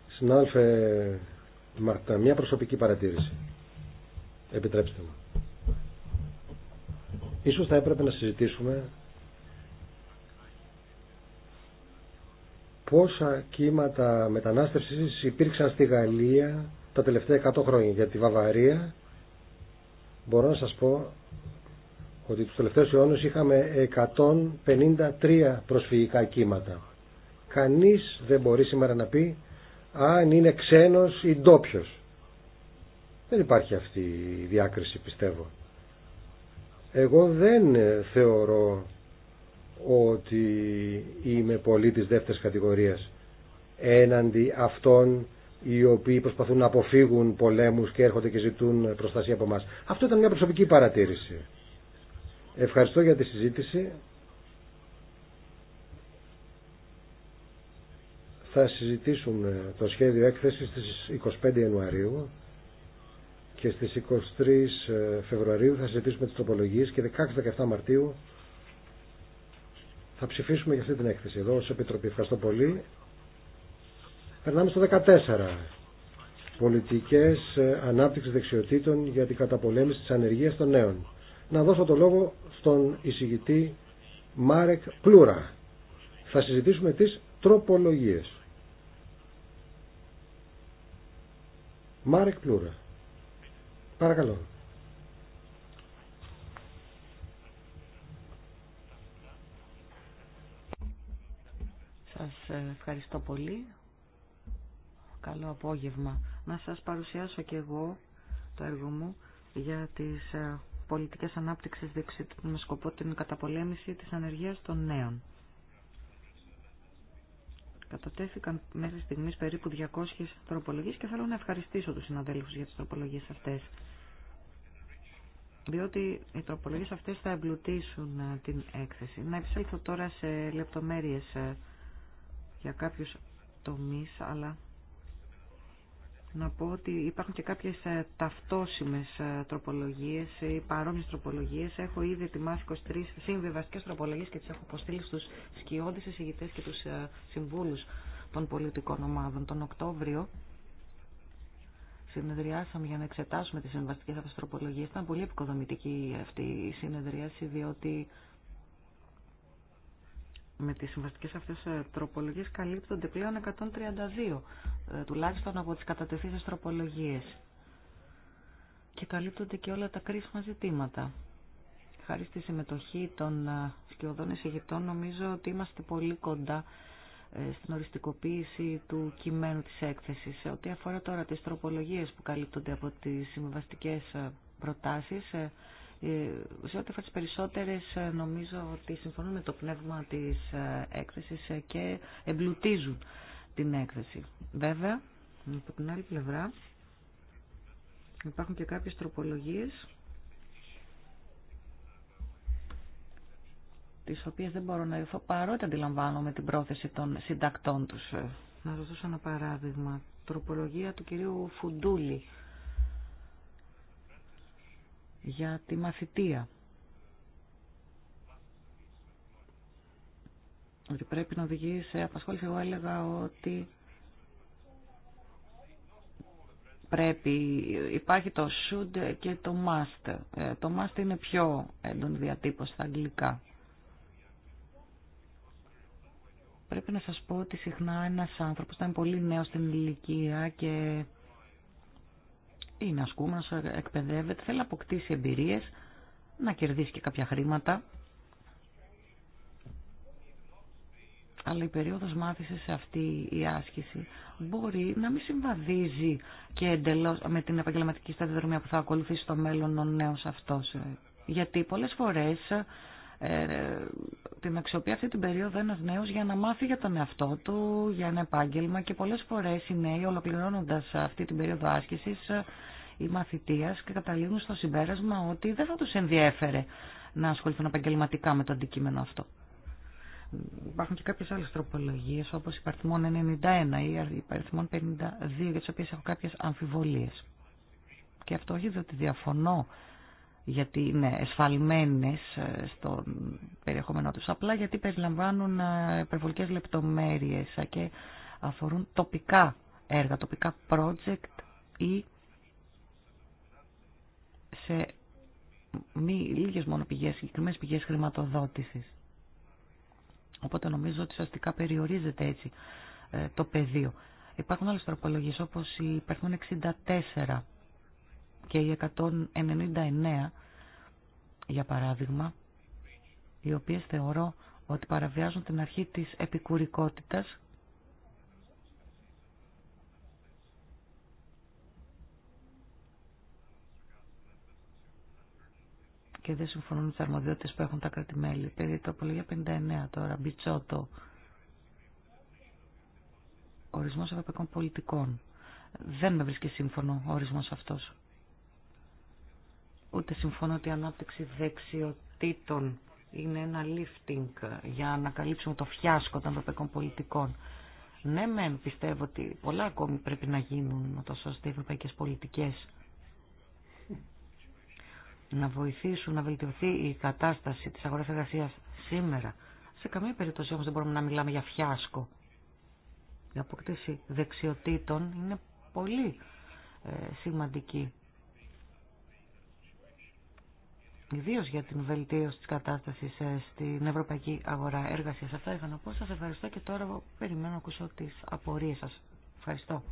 Συνάλφε, Μαρτά, μια προσωπική παρατήρηση. Επιτρέψτε μου. Ίσως θα έπρεπε να συζητήσουμε πόσα κύματα μετανάστευσης υπήρξαν στη Γαλλία τα τελευταία 100 χρόνια. Για τη Βαβαρία μπορώ να σας πω ότι τους τελευταίους αιώνες είχαμε 153 προσφυγικά κύματα. Κανείς δεν μπορεί σήμερα να πει αν είναι ξένος ή ντόπιο. Δεν υπάρχει αυτή η διάκριση πιστεύω. Εγώ δεν ε, θεωρώ ότι είμαι πολίτης δεύτερης κατηγορίας έναντι αυτών οι οποίοι προσπαθούν να αποφύγουν πολέμους και έρχονται και ζητούν προστασία από μας. Αυτό ήταν μια προσωπική παρατήρηση. Ευχαριστώ για τη συζήτηση. θα συζητήσουμε το σχέδιο έκθεσης στις 25 Ιανουαρίου και στις 23 ε, Φεβρουαρίου θα συζητήσουμε τις τροπολογίες και 16-17 Μαρτίου θα ψηφίσουμε για αυτή την έκθεση εδώ ως Επιτροπή. Ευχαριστώ πολύ. Περνάμε στο 14. Πολιτικές ε, ανάπτυξης δεξιοτήτων για την καταπολέμηση της ανεργίας των νέων. Να δώσω το λόγο στον εισηγητή Μάρεκ Πλούρα. Θα συζητήσουμε τις τροπολογίες. Μάρικ Πλούρα. Παρακαλώ. Σας ε, ευχαριστώ πολύ. Καλό απόγευμα. Να σας παρουσιάσω και εγώ το έργο μου για τις ε, πολιτικές ανάπτυξης δεξιτήτων με σκοπό την καταπολέμηση της ανεργίας των νέων. Κατατέθηκαν μέχρι στιγμής περίπου 200 τροπολογίες και θέλω να ευχαριστήσω τους συναδέλφους για τις τροπολογίες αυτές. Διότι οι τροπολογίες αυτές θα εμπλουτίσουν ε, την έκθεση. Να επισέλθω τώρα σε λεπτομέρειες ε, για κάποιους τομείς, αλλά να πω ότι υπάρχουν και κάποιες ε, ταυτόσιμες ε, τροπολογίες ή παρόμοιες τροπολογίες. Έχω ήδη ετοιμάσει 23 συμβιβαστικές τροπολογίες και τις έχω αποστείλει στους σκιώδεις εισηγητές και τους ε, συμβούλους των πολιτικών ομάδων. Τον Οκτώβριο συνεδριάσαμε για να εξετάσουμε τις συμβαστικές αυτές τροπολογίες. Ήταν πολύ επικοδομητική αυτή η συνεδρίαση διότι με τις συμβαστικές αυτές ε, τροπολογίες καλύπτονται πλέον 132, ε, τουλάχιστον από τις κατατεθείς τροπολογίες. Και καλύπτονται και όλα τα κρίσιμα ζητήματα. Χάρη στη συμμετοχή των ε, σκιωδών εισηγητών νομίζω ότι είμαστε πολύ κοντά στην οριστικοποίηση του κειμένου της έκθεσης. Σε ό,τι αφορά τώρα τις τροπολογίες που καλύπτονται από τις συμβαστικές προτάσεις, ε, σε ό,τι περισσότερες τι περισσότερε, νομίζω ότι συμφωνούν με το πνεύμα της ε, έκθεση ε, και εμπλουτίζουν την έκθεση. Βέβαια, από την άλλη πλευρά, υπάρχουν και κάποιες τροπολογίες τις οποίες δεν μπορώ να ρυθώ παρότι αντιλαμβάνομαι την πρόθεση των συντακτών τους. Να σας δώσω ένα παράδειγμα. Τροπολογία του κυρίου Φουντούλη για τη μαθητεία. Ότι πρέπει να οδηγεί σε απασχόληση. Εγώ έλεγα ότι πρέπει, υπάρχει το should και το must. Ε, το must είναι πιο έντονη διατύπωση στα αγγλικά. Πρέπει να σας πω ότι συχνά ένας άνθρωπος ήταν πολύ νέος στην ηλικία και είναι ασκούμενος, εκπαιδεύεται, θέλει να αποκτήσει εμπειρίες, να κερδίσει και κάποια χρήματα. Αλλά η περίοδος μάθησης σε αυτή η άσκηση μπορεί να μην συμβαδίζει και εντελώς με την επαγγελματική σταδιοδρομία που θα ακολουθήσει στο μέλλον ο νέος αυτός. Γιατί πολλές φορές ε, την αξιοποιεί αυτή την περίοδο ένα νέο για να μάθει για τον εαυτό του, για ένα επάγγελμα και πολλές φορέ οι νέοι, ολοκληρώνοντα αυτή την περίοδο άσκηση, ή μαθητείας και καταλήγουν στο συμπέρασμα ότι δεν θα τους ενδιέφερε να ασχοληθούν επαγγελματικά με το αντικείμενο αυτό. Υπάρχουν και κάποιες άλλες τροπολογίες όπως η παριθμόν 91 ή η παριθμόν 52 για τις οποίες έχω κάποιες αμφιβολίες. Και αυτό όχι διότι διαφωνώ γιατί είναι εσφαλμένες ε, στο περιεχόμενό του απλά γιατί περιλαμβάνουν ε, υπερβολικές λεπτομέρειες και αφορούν τοπικά έργα, τοπικά project ή σε μη λίγες μόνο πηγές, συγκεκριμένες πηγές χρηματοδότησης. Οπότε νομίζω ότι ουσιαστικά περιορίζεται έτσι ε, το πεδίο. Υπάρχουν άλλες τροπολογίες όπως η περθμόν 64 και η 199 για παράδειγμα οι οποίες θεωρώ ότι παραβιάζουν την αρχή της επικουρικότητας δεν συμφωνούν με τι αρμοδιότητε που έχουν τα κράτη-μέλη. Περί τροπολογία 59 τώρα, μπιτσότο. Ορισμό ευρωπαϊκών πολιτικών. Δεν με βρίσκει σύμφωνο ο ορισμό αυτό. Ούτε συμφωνώ ότι η ανάπτυξη δεξιοτήτων είναι ένα lifting για να καλύψουμε το φιάσκο των ευρωπαϊκών πολιτικών. Ναι, μεν πιστεύω ότι πολλά ακόμη πρέπει να γίνουν, ώστε οι ευρωπαϊκέ πολιτικέ να βοηθήσουν να βελτιωθεί η κατάσταση της αγοράς εργασία σήμερα. Σε καμία περίπτωση όμως δεν μπορούμε να μιλάμε για φιάσκο. Η αποκτήση δεξιοτήτων είναι πολύ ε, σημαντική. Ιδίω για την βελτίωση της κατάστασης ε, στην ευρωπαϊκή αγορά εργασίας. Αυτά είχα να πω. Σας ευχαριστώ και τώρα περιμένω να ακούσω τις απορίες σας. Ευχαριστώ.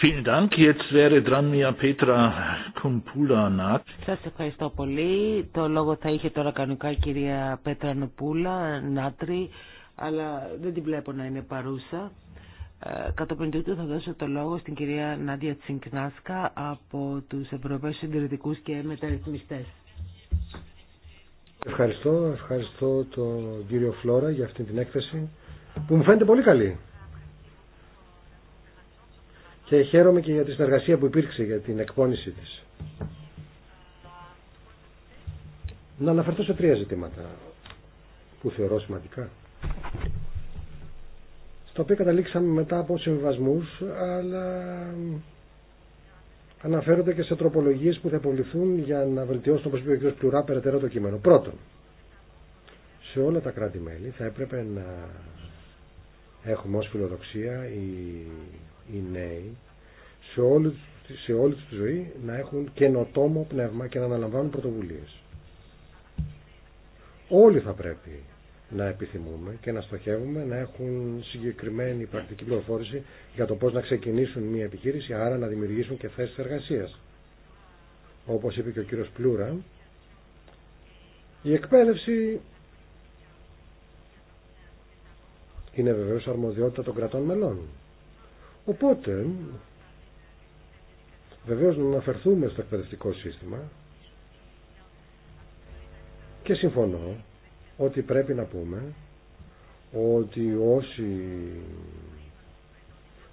Vielen Dank. Jetzt wäre dran Petra Kumpula Σας ευχαριστώ πολύ. Το λόγο θα είχε τώρα κανονικά η κυρία Πέτρα Νουπούλα, Νάτρη, αλλά δεν την βλέπω να είναι παρούσα. Κατ' ε, Κατά τούτου θα δώσω το λόγο στην κυρία Νάντια Τσιγκνάσκα από τους Ευρωπαίους Συντηρητικούς και Μεταρρυθμιστές. Ευχαριστώ, ευχαριστώ τον κύριο Φλόρα για αυτή την έκθεση που μου φαίνεται πολύ καλή και χαίρομαι και για τη συνεργασία που υπήρξε για την εκπόνηση της. Να αναφερθώ σε τρία ζητήματα που θεωρώ σημαντικά. στο οποίο καταλήξαμε μετά από συμβασμούς, αλλά αναφέρονται και σε τροπολογίες που θα υποβληθούν για να βελτιώσουν, όπως είπε ο κ. Πλουρά, περαιτέρω το κείμενο. Πρώτον, σε όλα τα κράτη-μέλη θα έπρεπε να έχουμε ως φιλοδοξία η οι νέοι σε όλη, σε όλη τη ζωή να έχουν καινοτόμο πνεύμα και να αναλαμβάνουν πρωτοβουλίες. Όλοι θα πρέπει να επιθυμούμε και να στοχεύουμε να έχουν συγκεκριμένη πρακτική πληροφόρηση για το πώς να ξεκινήσουν μια επιχείρηση, άρα να δημιουργήσουν και θέσεις εργασίας. Όπως είπε και ο κύριος Πλούρα, η εκπαίδευση είναι βεβαίως αρμοδιότητα των κρατών μελών. Οπότε, βεβαίως να αναφερθούμε στο εκπαιδευτικό σύστημα και συμφωνώ ότι πρέπει να πούμε ότι όσοι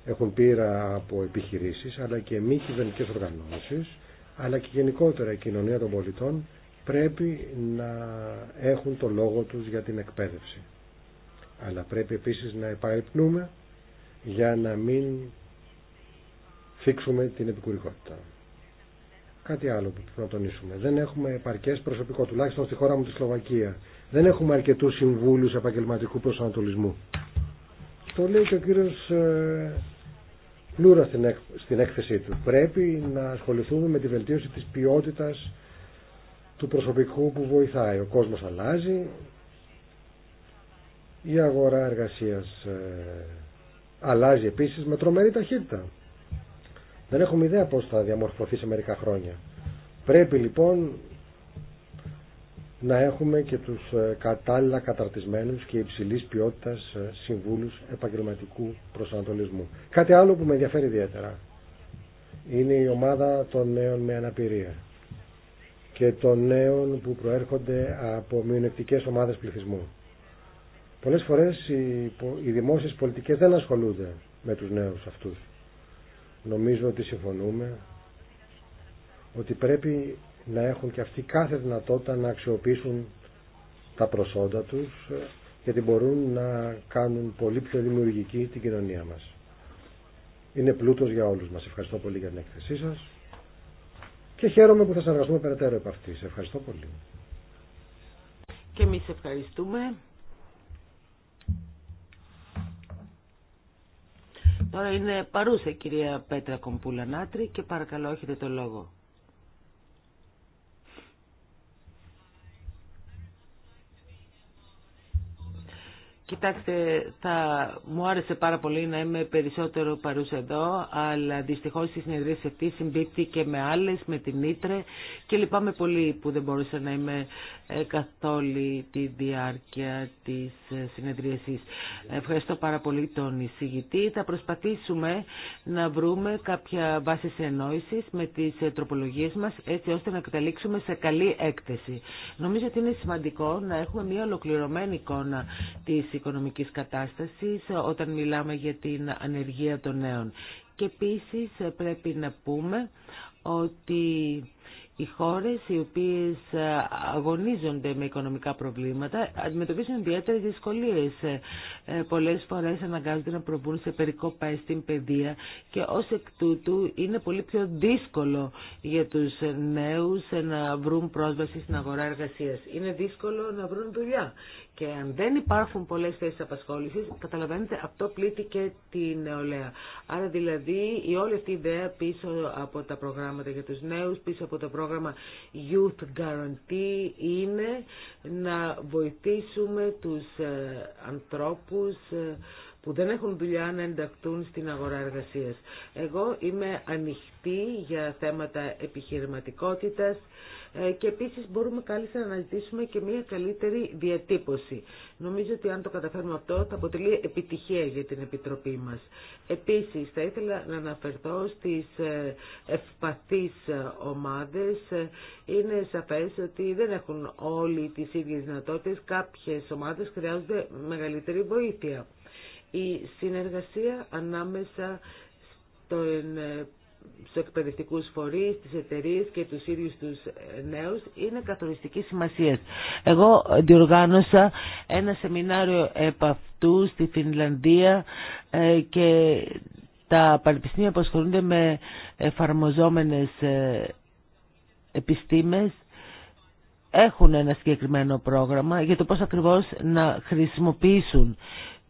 έχουν πείρα από επιχειρήσεις αλλά και μη κυβερνικέ οργανώσεις αλλά και γενικότερα η κοινωνία των πολιτών πρέπει να έχουν το λόγο τους για την εκπαίδευση. Αλλά πρέπει επίσης να επαϊπνούμε για να μην θίξουμε την επικουρικότητα. Κάτι άλλο που πρέπει να τονίσουμε. Δεν έχουμε επαρκέ προσωπικό, τουλάχιστον στη χώρα μου τη Σλοβακία. Δεν έχουμε αρκετού συμβούλου επαγγελματικού προσανατολισμού. Το λέει και ο κύριο Πλούρα ε, στην έκθεσή του. Πρέπει να ασχοληθούμε με τη βελτίωση τη ποιότητα του προσωπικού που βοηθάει. Ο κόσμος αλλάζει. Η αγορά εργασίας ε, αλλάζει επίσης με τρομερή ταχύτητα. Δεν έχουμε ιδέα πώς θα διαμορφωθεί σε μερικά χρόνια. Πρέπει λοιπόν να έχουμε και τους ε, κατάλληλα καταρτισμένους και υψηλής ποιότητας ε, συμβούλους επαγγελματικού προσανατολισμού. Κάτι άλλο που με ενδιαφέρει ιδιαίτερα είναι η ομάδα των νέων με αναπηρία και των νέων που προέρχονται από μειονεκτικές ομάδες πληθυσμού. Πολλές φορές οι, οι δημόσιες πολιτικές δεν ασχολούνται με τους νέους αυτούς. Νομίζω ότι συμφωνούμε ότι πρέπει να έχουν και αυτοί κάθε δυνατότητα να αξιοποιήσουν τα προσόντα τους ε, γιατί μπορούν να κάνουν πολύ πιο δημιουργική την κοινωνία μας. Είναι πλούτος για όλους μας. Ευχαριστώ πολύ για την έκθεσή σας και χαίρομαι που θα συνεργαστούμε περαιτέρω επ' αυτή. Ευχαριστώ πολύ. Και εμείς ευχαριστούμε. Τώρα είναι παρούσα η κυρία Πέτρα Κομπούλα Νάτρη και παρακαλώ έχετε το λόγο. Κοιτάξτε, θα μου άρεσε πάρα πολύ να είμαι περισσότερο παρούσα εδώ, αλλά δυστυχώς η συνεδρίαση αυτή συμπίπτει και με άλλες, με την Ήτρε και λυπάμαι πολύ που δεν μπορούσα να είμαι ε, καθ' όλη τη διάρκεια της ε, συνεδρίασης. Ευχαριστώ πάρα πολύ τον εισηγητή. Θα προσπαθήσουμε να βρούμε κάποια βάση ενόησης με τις ε, τροπολογίες μας, έτσι ώστε να καταλήξουμε σε καλή έκθεση. Νομίζω ότι είναι σημαντικό να έχουμε μια ολοκληρωμένη εικόνα της οικονομικής κατάστασης ε, όταν μιλάμε για την ανεργία των νέων. Και επίσης ε, πρέπει να πούμε ότι οι χώρες οι οποίες ε, αγωνίζονται με οικονομικά προβλήματα αντιμετωπίζουν ιδιαίτερε δυσκολίες. Πολλές φορές αναγκάζονται να προβούν σε περικόπα στην παιδεία και ως εκ τούτου είναι πολύ πιο δύσκολο για τους νέου να βρουν πρόσβαση στην αγορά εργασίας. Είναι δύσκολο να βρουν δουλειά και αν δεν υπάρχουν πολλές θέσεις απασχόλησης, καταλαβαίνετε, αυτό πλήττει και τη νεολαία. Άρα δηλαδή η όλη αυτή η ιδέα πίσω από τα προγράμματα για τους νέους, πίσω από το πρόγραμμα Youth Guarantee είναι να βοηθήσουμε τους ε, ανθρώπους ε, που δεν έχουν δουλειά να ενταχθούν στην αγορά εργασίας. Εγώ είμαι ανοιχτή για θέματα επιχειρηματικότητας, ε, και επίσης μπορούμε κάλλιστα να αναζητήσουμε και μια καλύτερη διατύπωση. Νομίζω ότι αν το καταφέρουμε αυτό θα αποτελεί επιτυχία για την Επιτροπή μας. Επίσης θα ήθελα να αναφερθώ στις ε, ευπαθείς ε, ομάδες. Είναι σαφές ότι δεν έχουν όλοι τις ίδιες δυνατότητες. Κάποιες ομάδες χρειάζονται μεγαλύτερη βοήθεια. Η συνεργασία ανάμεσα στον στους εκπαιδευτικούς φορείς, τις εταιρείε και του ίδιους τους ε, νέους είναι καθοριστική σημασία. Εγώ διοργάνωσα ένα σεμινάριο επ' αυτού στη Φινλανδία ε, και τα πανεπιστήμια που ασχολούνται με εφαρμοζόμενες ε, επιστήμες έχουν ένα συγκεκριμένο πρόγραμμα για το πώς ακριβώς να χρησιμοποιήσουν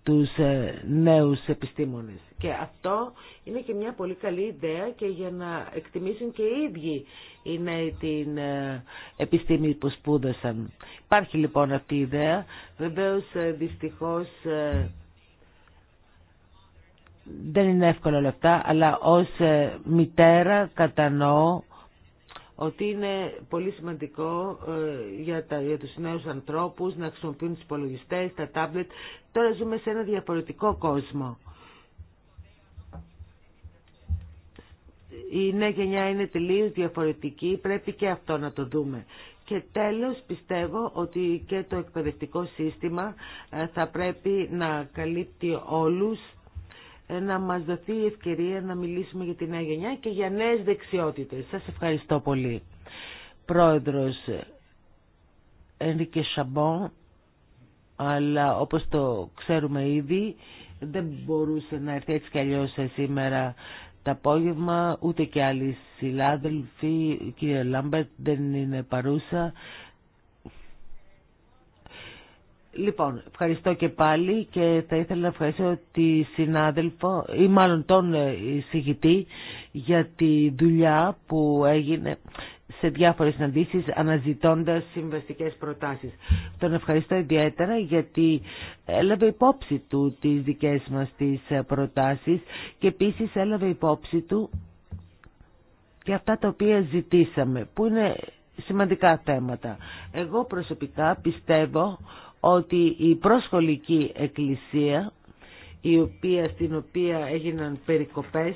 τους ε, νέους επιστήμονες. Και αυτό είναι και μια πολύ καλή ιδέα και για να εκτιμήσουν και οι ίδιοι οι νέοι την ε, επιστήμη που σπούδασαν. Υπάρχει λοιπόν αυτή η ιδέα. Βεβαίως ε, δυστυχώς δεν είναι εύκολο όλα αυτά, αλλά ως μητέρα κατανοώ ότι είναι πολύ σημαντικό ε, για, τα, για τους νέους ανθρώπους να χρησιμοποιούν τους υπολογιστέ, τα τάμπλετ. Τώρα ζούμε σε ένα διαφορετικό κόσμο. Η νέα γενιά είναι τελείως διαφορετική, πρέπει και αυτό να το δούμε. Και τέλος πιστεύω ότι και το εκπαιδευτικό σύστημα ε, θα πρέπει να καλύπτει όλους να μας δοθεί η ευκαιρία να μιλήσουμε για τη νέα γενιά και για νέες δεξιότητες. Σας ευχαριστώ πολύ. Πρόεδρος Ενρικε Σαμπόν, αλλά όπως το ξέρουμε ήδη, δεν μπορούσε να έρθει έτσι κι αλλιώς σήμερα το απόγευμα, ούτε και άλλοι συλλάδελφοι, η Λάμπερτ δεν είναι παρούσα, Λοιπόν, ευχαριστώ και πάλι και θα ήθελα να ευχαριστώ τη συνάδελφο ή μάλλον τον ε, εισηγητή για τη δουλειά που έγινε σε διάφορες συναντήσεις αναζητώντας συμβαστικές προτάσεις. Τον ευχαριστώ ιδιαίτερα γιατί έλαβε υπόψη του τις δικές μας τις ε, προτάσεις και επίσης έλαβε υπόψη του και αυτά τα οποία ζητήσαμε που είναι σημαντικά θέματα. Εγώ προσωπικά πιστεύω ότι η προσχολική εκκλησία η οποία, στην οποία έγιναν περικοπές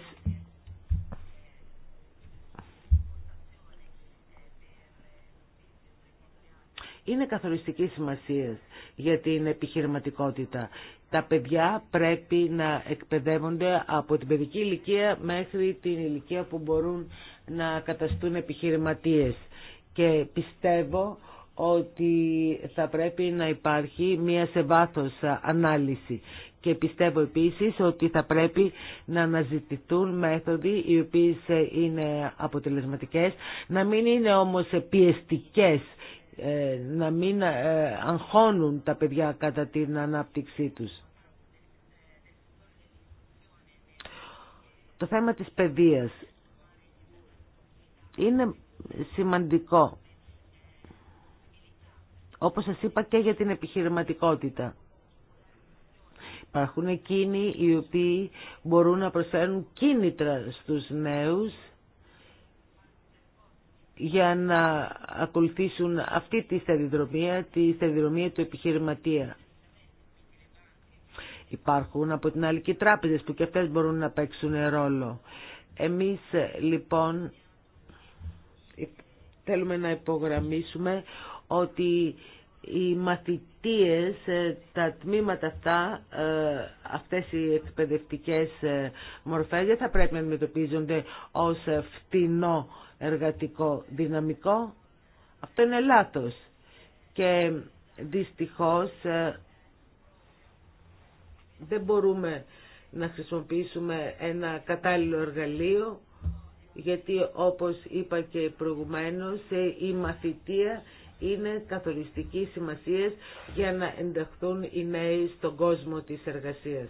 είναι καθοριστική σημασία για την επιχειρηματικότητα. Τα παιδιά πρέπει να εκπαιδεύονται από την παιδική ηλικία μέχρι την ηλικία που μπορούν να καταστούν επιχειρηματίες. Και πιστεύω ότι θα πρέπει να υπάρχει μία σε βάθος ανάλυση και πιστεύω επίσης ότι θα πρέπει να αναζητηθούν μέθοδοι οι οποίες είναι αποτελεσματικές, να μην είναι όμως πιεστικές, ε, να μην ε, αγχώνουν τα παιδιά κατά την ανάπτυξή τους. Το θέμα της παιδείας είναι σημαντικό όπως σας είπα και για την επιχειρηματικότητα. Υπάρχουν εκείνοι οι οποίοι μπορούν να προσφέρουν κίνητρα στους νέους για να ακολουθήσουν αυτή τη σταδιοδρομία, τη σταδιοδρομία του επιχειρηματία. Υπάρχουν από την άλλη και τράπεζες που και αυτές μπορούν να παίξουν ρόλο. Εμείς λοιπόν θέλουμε να υπογραμμίσουμε ότι οι μαθητείες, ε, τα τμήματα αυτά, ε, αυτές οι εκπαιδευτικές ε, μορφές δεν θα πρέπει να αντιμετωπίζονται ως φτηνό εργατικό δυναμικό. Αυτό είναι λάθος. Και δυστυχώς δεν μπορούμε να χρησιμοποιήσουμε ένα κατάλληλο εργαλείο γιατί όπως είπα και προηγουμένως η μαθητεία είναι καθοριστική σημασία για να ενταχθούν οι νέοι στον κόσμο της εργασίας.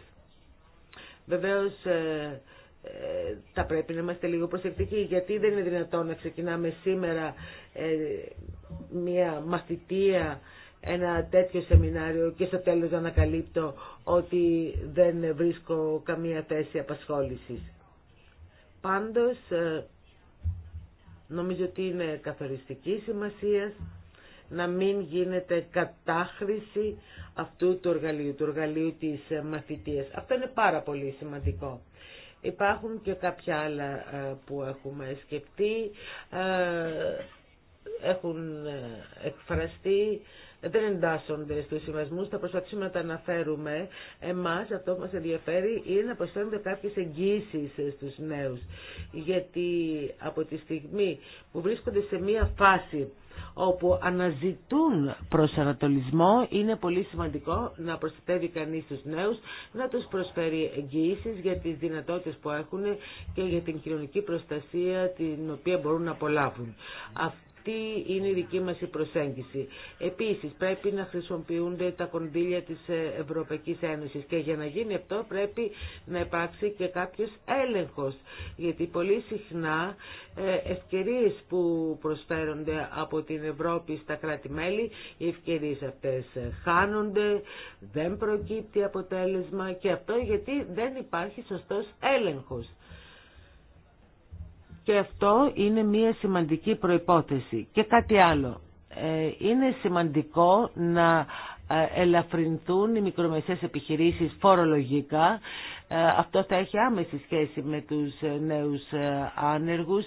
Βεβαίως ε, ε, θα πρέπει να είμαστε λίγο προσεκτικοί γιατί δεν είναι δυνατόν να ξεκινάμε σήμερα ε, μια μαθητεία ένα τέτοιο σεμινάριο και στο τέλος ανακαλύπτω ότι δεν βρίσκω καμία θέση απασχόλησης. Πάντως, νομίζω ότι είναι καθοριστική σημασία να μην γίνεται κατάχρηση αυτού του εργαλείου, του εργαλείου της ε, μαθητείας. Αυτό είναι πάρα πολύ σημαντικό. Υπάρχουν και κάποια άλλα ε, που έχουμε σκεφτεί, ε, έχουν εκφραστεί, δεν εντάσσονται στους συμβασμούς, θα προσπαθήσουμε να τα αναφέρουμε. Εμάς αυτό που μας ενδιαφέρει είναι να προσφέρουμε κάποιες εγγύσεις στους νέους, γιατί από τη στιγμή που βρίσκονται σε μία φάση όπου αναζητούν προσανατολισμό είναι πολύ σημαντικό να προστατεύει κανείς τους νέους, να τους προσφέρει εγγυήσεις για τις δυνατότητες που έχουν και για την κοινωνική προστασία την οποία μπορούν να απολαύουν τι είναι η δική μας η προσέγγιση. Επίσης πρέπει να χρησιμοποιούνται τα κονδύλια της ε, Ευρωπαϊκής Ένωσης και για να γίνει αυτό πρέπει να υπάρξει και κάποιος έλεγχος. Γιατί πολύ συχνά ε, ευκαιρίες που προσφέρονται από την Ευρώπη στα κράτη-μέλη, οι ευκαιρίες αυτές χάνονται, δεν προκύπτει αποτέλεσμα και αυτό γιατί δεν υπάρχει σωστός έλεγχος. Και αυτό είναι μια σημαντική προϋπόθεση. Και κάτι άλλο. Ε, είναι σημαντικό να ε, ελαφρυνθούν οι μικρομεσαίες επιχειρήσεις φορολογικά ε, αυτό θα έχει άμεση σχέση με τους ε, νέους ε, άνεργους.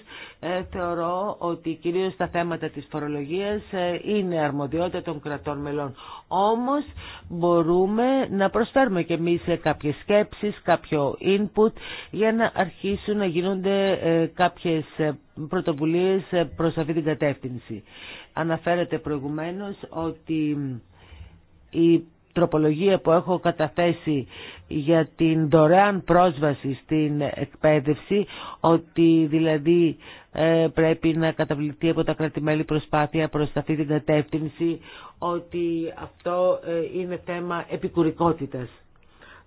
Θεωρώ ότι κυρίως τα θέματα της φορολογίας είναι αρμοδιότητα των κρατών μελών. Όμως μπορούμε να προσφέρουμε και εμείς κάποιες σκέψεις, κάποιο input για να αρχίσουν να γίνονται κάποιες πρωτοβουλίες προς αυτή την κατεύθυνση. Αναφέρεται προηγουμένως ότι η τροπολογία που έχω καταθέσει για την δωρεάν πρόσβαση στην εκπαίδευση, ότι δηλαδή ε, πρέπει να καταβληθεί από τα κρατημέλη προσπάθεια προς αυτή την κατεύθυνση, ότι αυτό ε, είναι θέμα επικουρικότητας.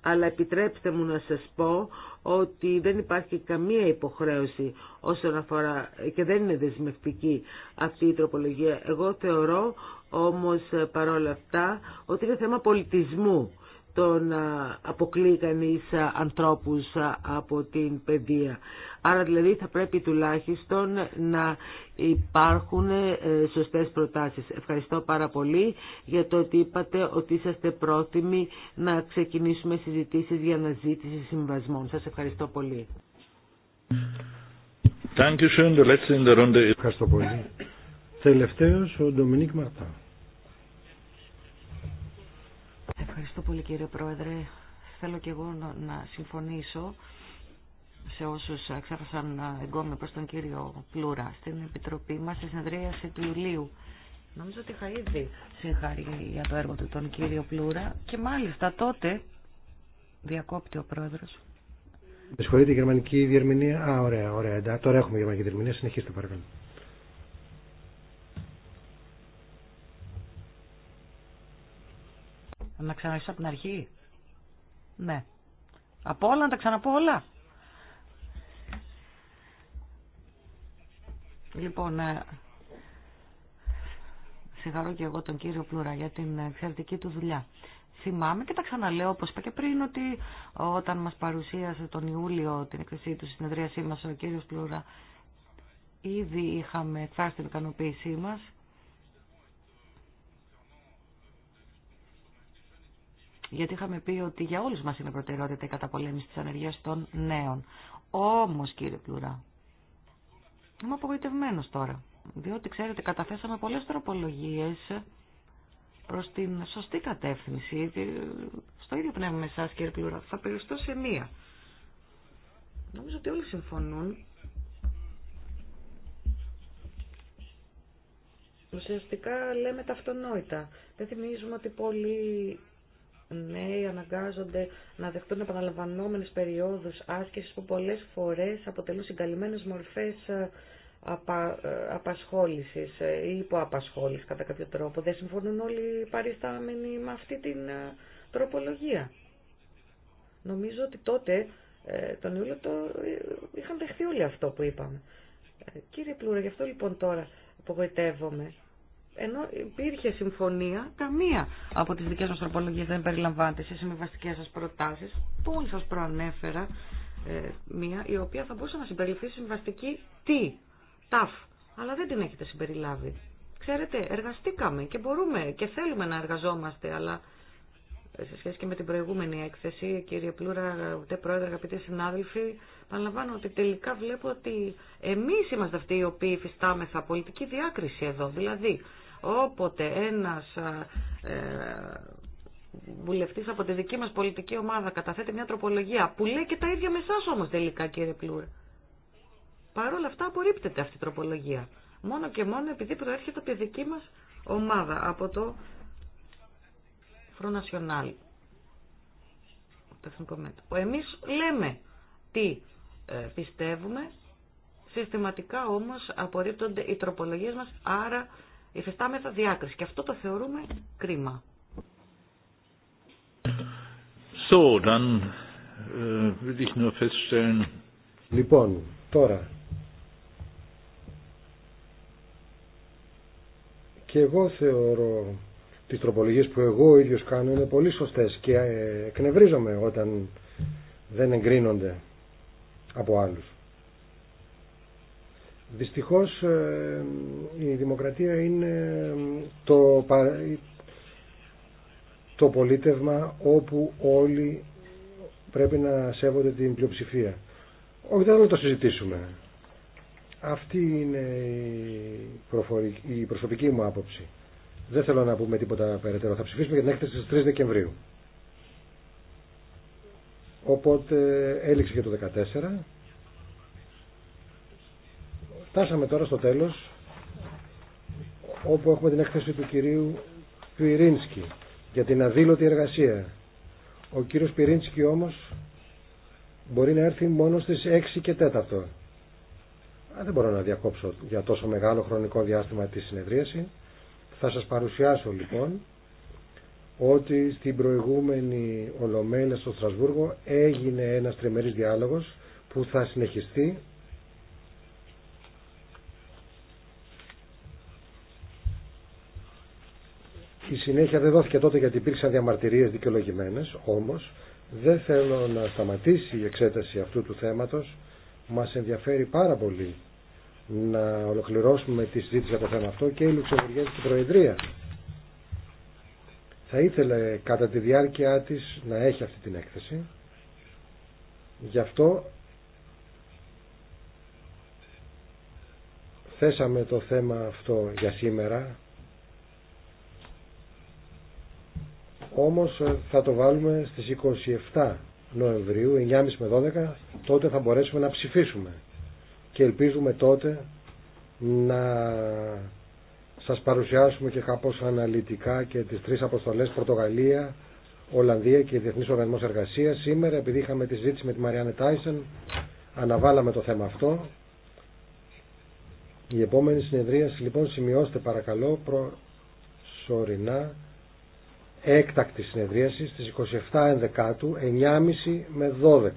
Αλλά επιτρέψτε μου να σας πω ότι δεν υπάρχει καμία υποχρέωση όσον αφορά και δεν είναι δεσμευτική αυτή η τροπολογία. Εγώ θεωρώ όμως παρόλα αυτά ότι είναι θέμα πολιτισμού το να αποκλεί κανείς ανθρώπους από την παιδεία. Άρα δηλαδή θα πρέπει τουλάχιστον να υπάρχουν ε, σωστές προτάσεις. Ευχαριστώ πάρα πολύ για το ότι είπατε ότι είσαστε πρόθυμοι να ξεκινήσουμε συζητήσεις για αναζήτηση συμβασμών. Σας ευχαριστώ πολύ. Ευχαριστώ πολύ. Τελευταίος ο Ντομινίκ Μαρτά. Ευχαριστώ πολύ κύριε Πρόεδρε. Θέλω και εγώ να συμφωνήσω σε όσους εξέφρασαν εγκόμιο προς τον κύριο Πλούρα στην Επιτροπή μας στη συνεδρίαση του Ιουλίου. Νομίζω ότι είχα ήδη συγχάρει για το έργο του τον κύριο Πλούρα και μάλιστα τότε διακόπτει ο πρόεδρος. Με συγχωρείτε η γερμανική διερμηνία. Α, ωραία, ωραία. Τώρα έχουμε γερμανική διερμηνία. Συνεχίστε παρακαλώ. Να ξαναρχίσω από την αρχή. Ναι. Από όλα να τα ξαναπώ όλα. Λοιπόν, ε, συγχαρώ και εγώ τον κύριο Πλούρα για την εξαιρετική του δουλειά. Θυμάμαι και τα ξαναλέω, όπως είπα και πριν, ότι όταν μας παρουσίασε τον Ιούλιο την εκθεσή του συνεδρίασή μας ο κύριος Πλούρα, ήδη είχαμε εκφράσει την ικανοποίησή μας γιατί είχαμε πει ότι για όλους μας είναι προτεραιότητα η καταπολέμηση της ανεργίας των νέων. Όμως, κύριε Πλουρά, είμαι απογοητευμένος τώρα, διότι ξέρετε καταθέσαμε πολλές τροπολογίες προς την σωστή κατεύθυνση, στο ίδιο πνεύμα με εσάς κύριε Πλουρά, θα περιστώ σε μία. Νομίζω ότι όλοι συμφωνούν. Ουσιαστικά λέμε τα αυτονόητα. Δεν θυμίζουμε ότι πολλοί νέοι αναγκάζονται να δεχτούν επαναλαμβανόμενες περιόδους άσκησης που πολλές φορές αποτελούν συγκαλυμμένες μορφές ε, απα, ε, απασχόλησης ε, ή υποαπασχόλησης κατά κάποιο τρόπο. Δεν συμφωνούν όλοι οι παριστάμενοι με αυτή την τροπολογία. Νομίζω ότι τότε τον Ιούλιο το είχαν δεχθεί όλοι αυτό που είπαμε. Κύριε Πλούρα, γι' αυτό λοιπόν τώρα απογοητεύομαι. Ενώ υπήρχε συμφωνία, καμία από τι δικέ μα τροπολογίε δεν περιλαμβάνεται σε συμβιβαστικέ σα προτάσει. που σα προανέφερα ε, μία, η οποία θα μπορούσε να συμπεριληφθεί συμβαστική τι, ταφ, αλλά δεν την έχετε συμπεριλάβει. Ξέρετε, εργαστήκαμε και μπορούμε και θέλουμε να εργαζόμαστε, αλλά ε, σε σχέση και με την προηγούμενη έκθεση, κύριε Πλούρα, ούτε πρόεδρε, αγαπητοί συνάδελφοι, παραλαμβάνω ότι τελικά βλέπω ότι εμεί είμαστε αυτοί οι οποίοι υφιστάμεθα πολιτική διάκριση εδώ. Δηλαδή, Όποτε ένας ε, βουλευτής από τη δική μας πολιτική ομάδα καταθέτει μια τροπολογία που λέει και τα ίδια με εσάς όμως τελικά κύριε Πλούρ. παρόλα αυτά απορρίπτεται αυτή η τροπολογία. Μόνο και μόνο επειδή προέρχεται από τη δική μας ομάδα, από το Front National. Εμείς λέμε τι ε, πιστεύουμε, συστηματικά όμως απορρίπτονται οι τροπολογίες μας, άρα υφιστάμεθα διάκριση και αυτό το θεωρούμε κρίμα. So, äh, ich nur Λοιπόν, τώρα και εγώ θεωρώ τις τροπολογίες που εγώ ο ίδιος κάνω είναι πολύ σωστές και ε, εκνευρίζομαι όταν δεν εγκρίνονται από άλλους. Δυστυχώς ε, η δημοκρατία είναι ε, το, το πολίτευμα όπου όλοι πρέπει να σέβονται την πλειοψηφία. Όχι, δεν θα το συζητήσουμε. Αυτή είναι η, προσωπική μου άποψη. Δεν θέλω να πούμε τίποτα περαιτέρω. Θα ψηφίσουμε για την έκθεση στις 3 Δεκεμβρίου. Οπότε έληξε και το 14. Φτάσαμε τώρα στο τέλος όπου έχουμε την έκθεση του κυρίου Πυρίνσκι για την αδήλωτη εργασία. Ο κύριος Πυρίνσκι όμως μπορεί να έρθει μόνο στις 6 και 4. δεν μπορώ να διακόψω για τόσο μεγάλο χρονικό διάστημα τη συνεδρίαση. Θα σας παρουσιάσω λοιπόν ότι στην προηγούμενη Ολομέλεια στο Στρασβούργο έγινε ένας τριμερής διάλογος που θα συνεχιστεί Η συνέχεια δεν δόθηκε τότε γιατί υπήρξαν διαμαρτυρίε δικαιολογημένε. όμως δεν θέλω να σταματήσει η εξέταση αυτού του θέματος. Μας ενδιαφέρει πάρα πολύ να ολοκληρώσουμε τη συζήτηση από το θέμα αυτό και η Λουξεμβουργία στην Προεδρία. Θα ήθελε κατά τη διάρκεια της να έχει αυτή την έκθεση. Γι' αυτό θέσαμε το θέμα αυτό για σήμερα Όμως ε, θα το βάλουμε στις 27 Νοεμβρίου, 9.30 με 12, τότε θα μπορέσουμε να ψηφίσουμε. Και ελπίζουμε τότε να σας παρουσιάσουμε και κάπως αναλυτικά και τις τρεις αποστολές Πορτογαλία, Ολλανδία και Διεθνής Οργανισμός Εργασίας. Σήμερα, επειδή είχαμε τη συζήτηση με τη Μαριάννε Τάισεν, αναβάλαμε το θέμα αυτό. Η επόμενη συνεδρίαση, λοιπόν, σημειώστε παρακαλώ προσωρινά έκτακτη συνεδρίαση στις 27 Ενδεκάτου 9.30 με 12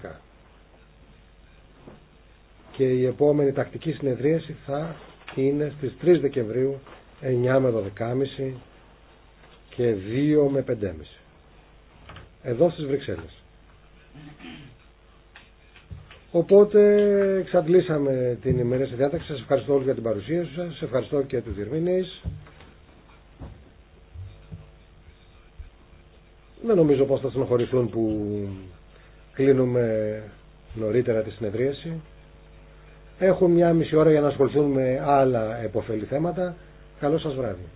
και η επόμενη τακτική συνεδρίαση θα είναι στις 3 Δεκεμβρίου 9 με 12.30 και 2 με 5.30 εδώ στις Βρυξέλλες οπότε εξαντλήσαμε την σε διάταξη σας ευχαριστώ όλους για την παρουσία σας ευχαριστώ και του διερμηνείς Δεν νομίζω πως θα συνοχωρηθούν που κλείνουμε νωρίτερα τη συνεδρίαση. Έχω μια μισή ώρα για να ασχοληθούν με άλλα εποφελή θέματα. Καλό σας βράδυ.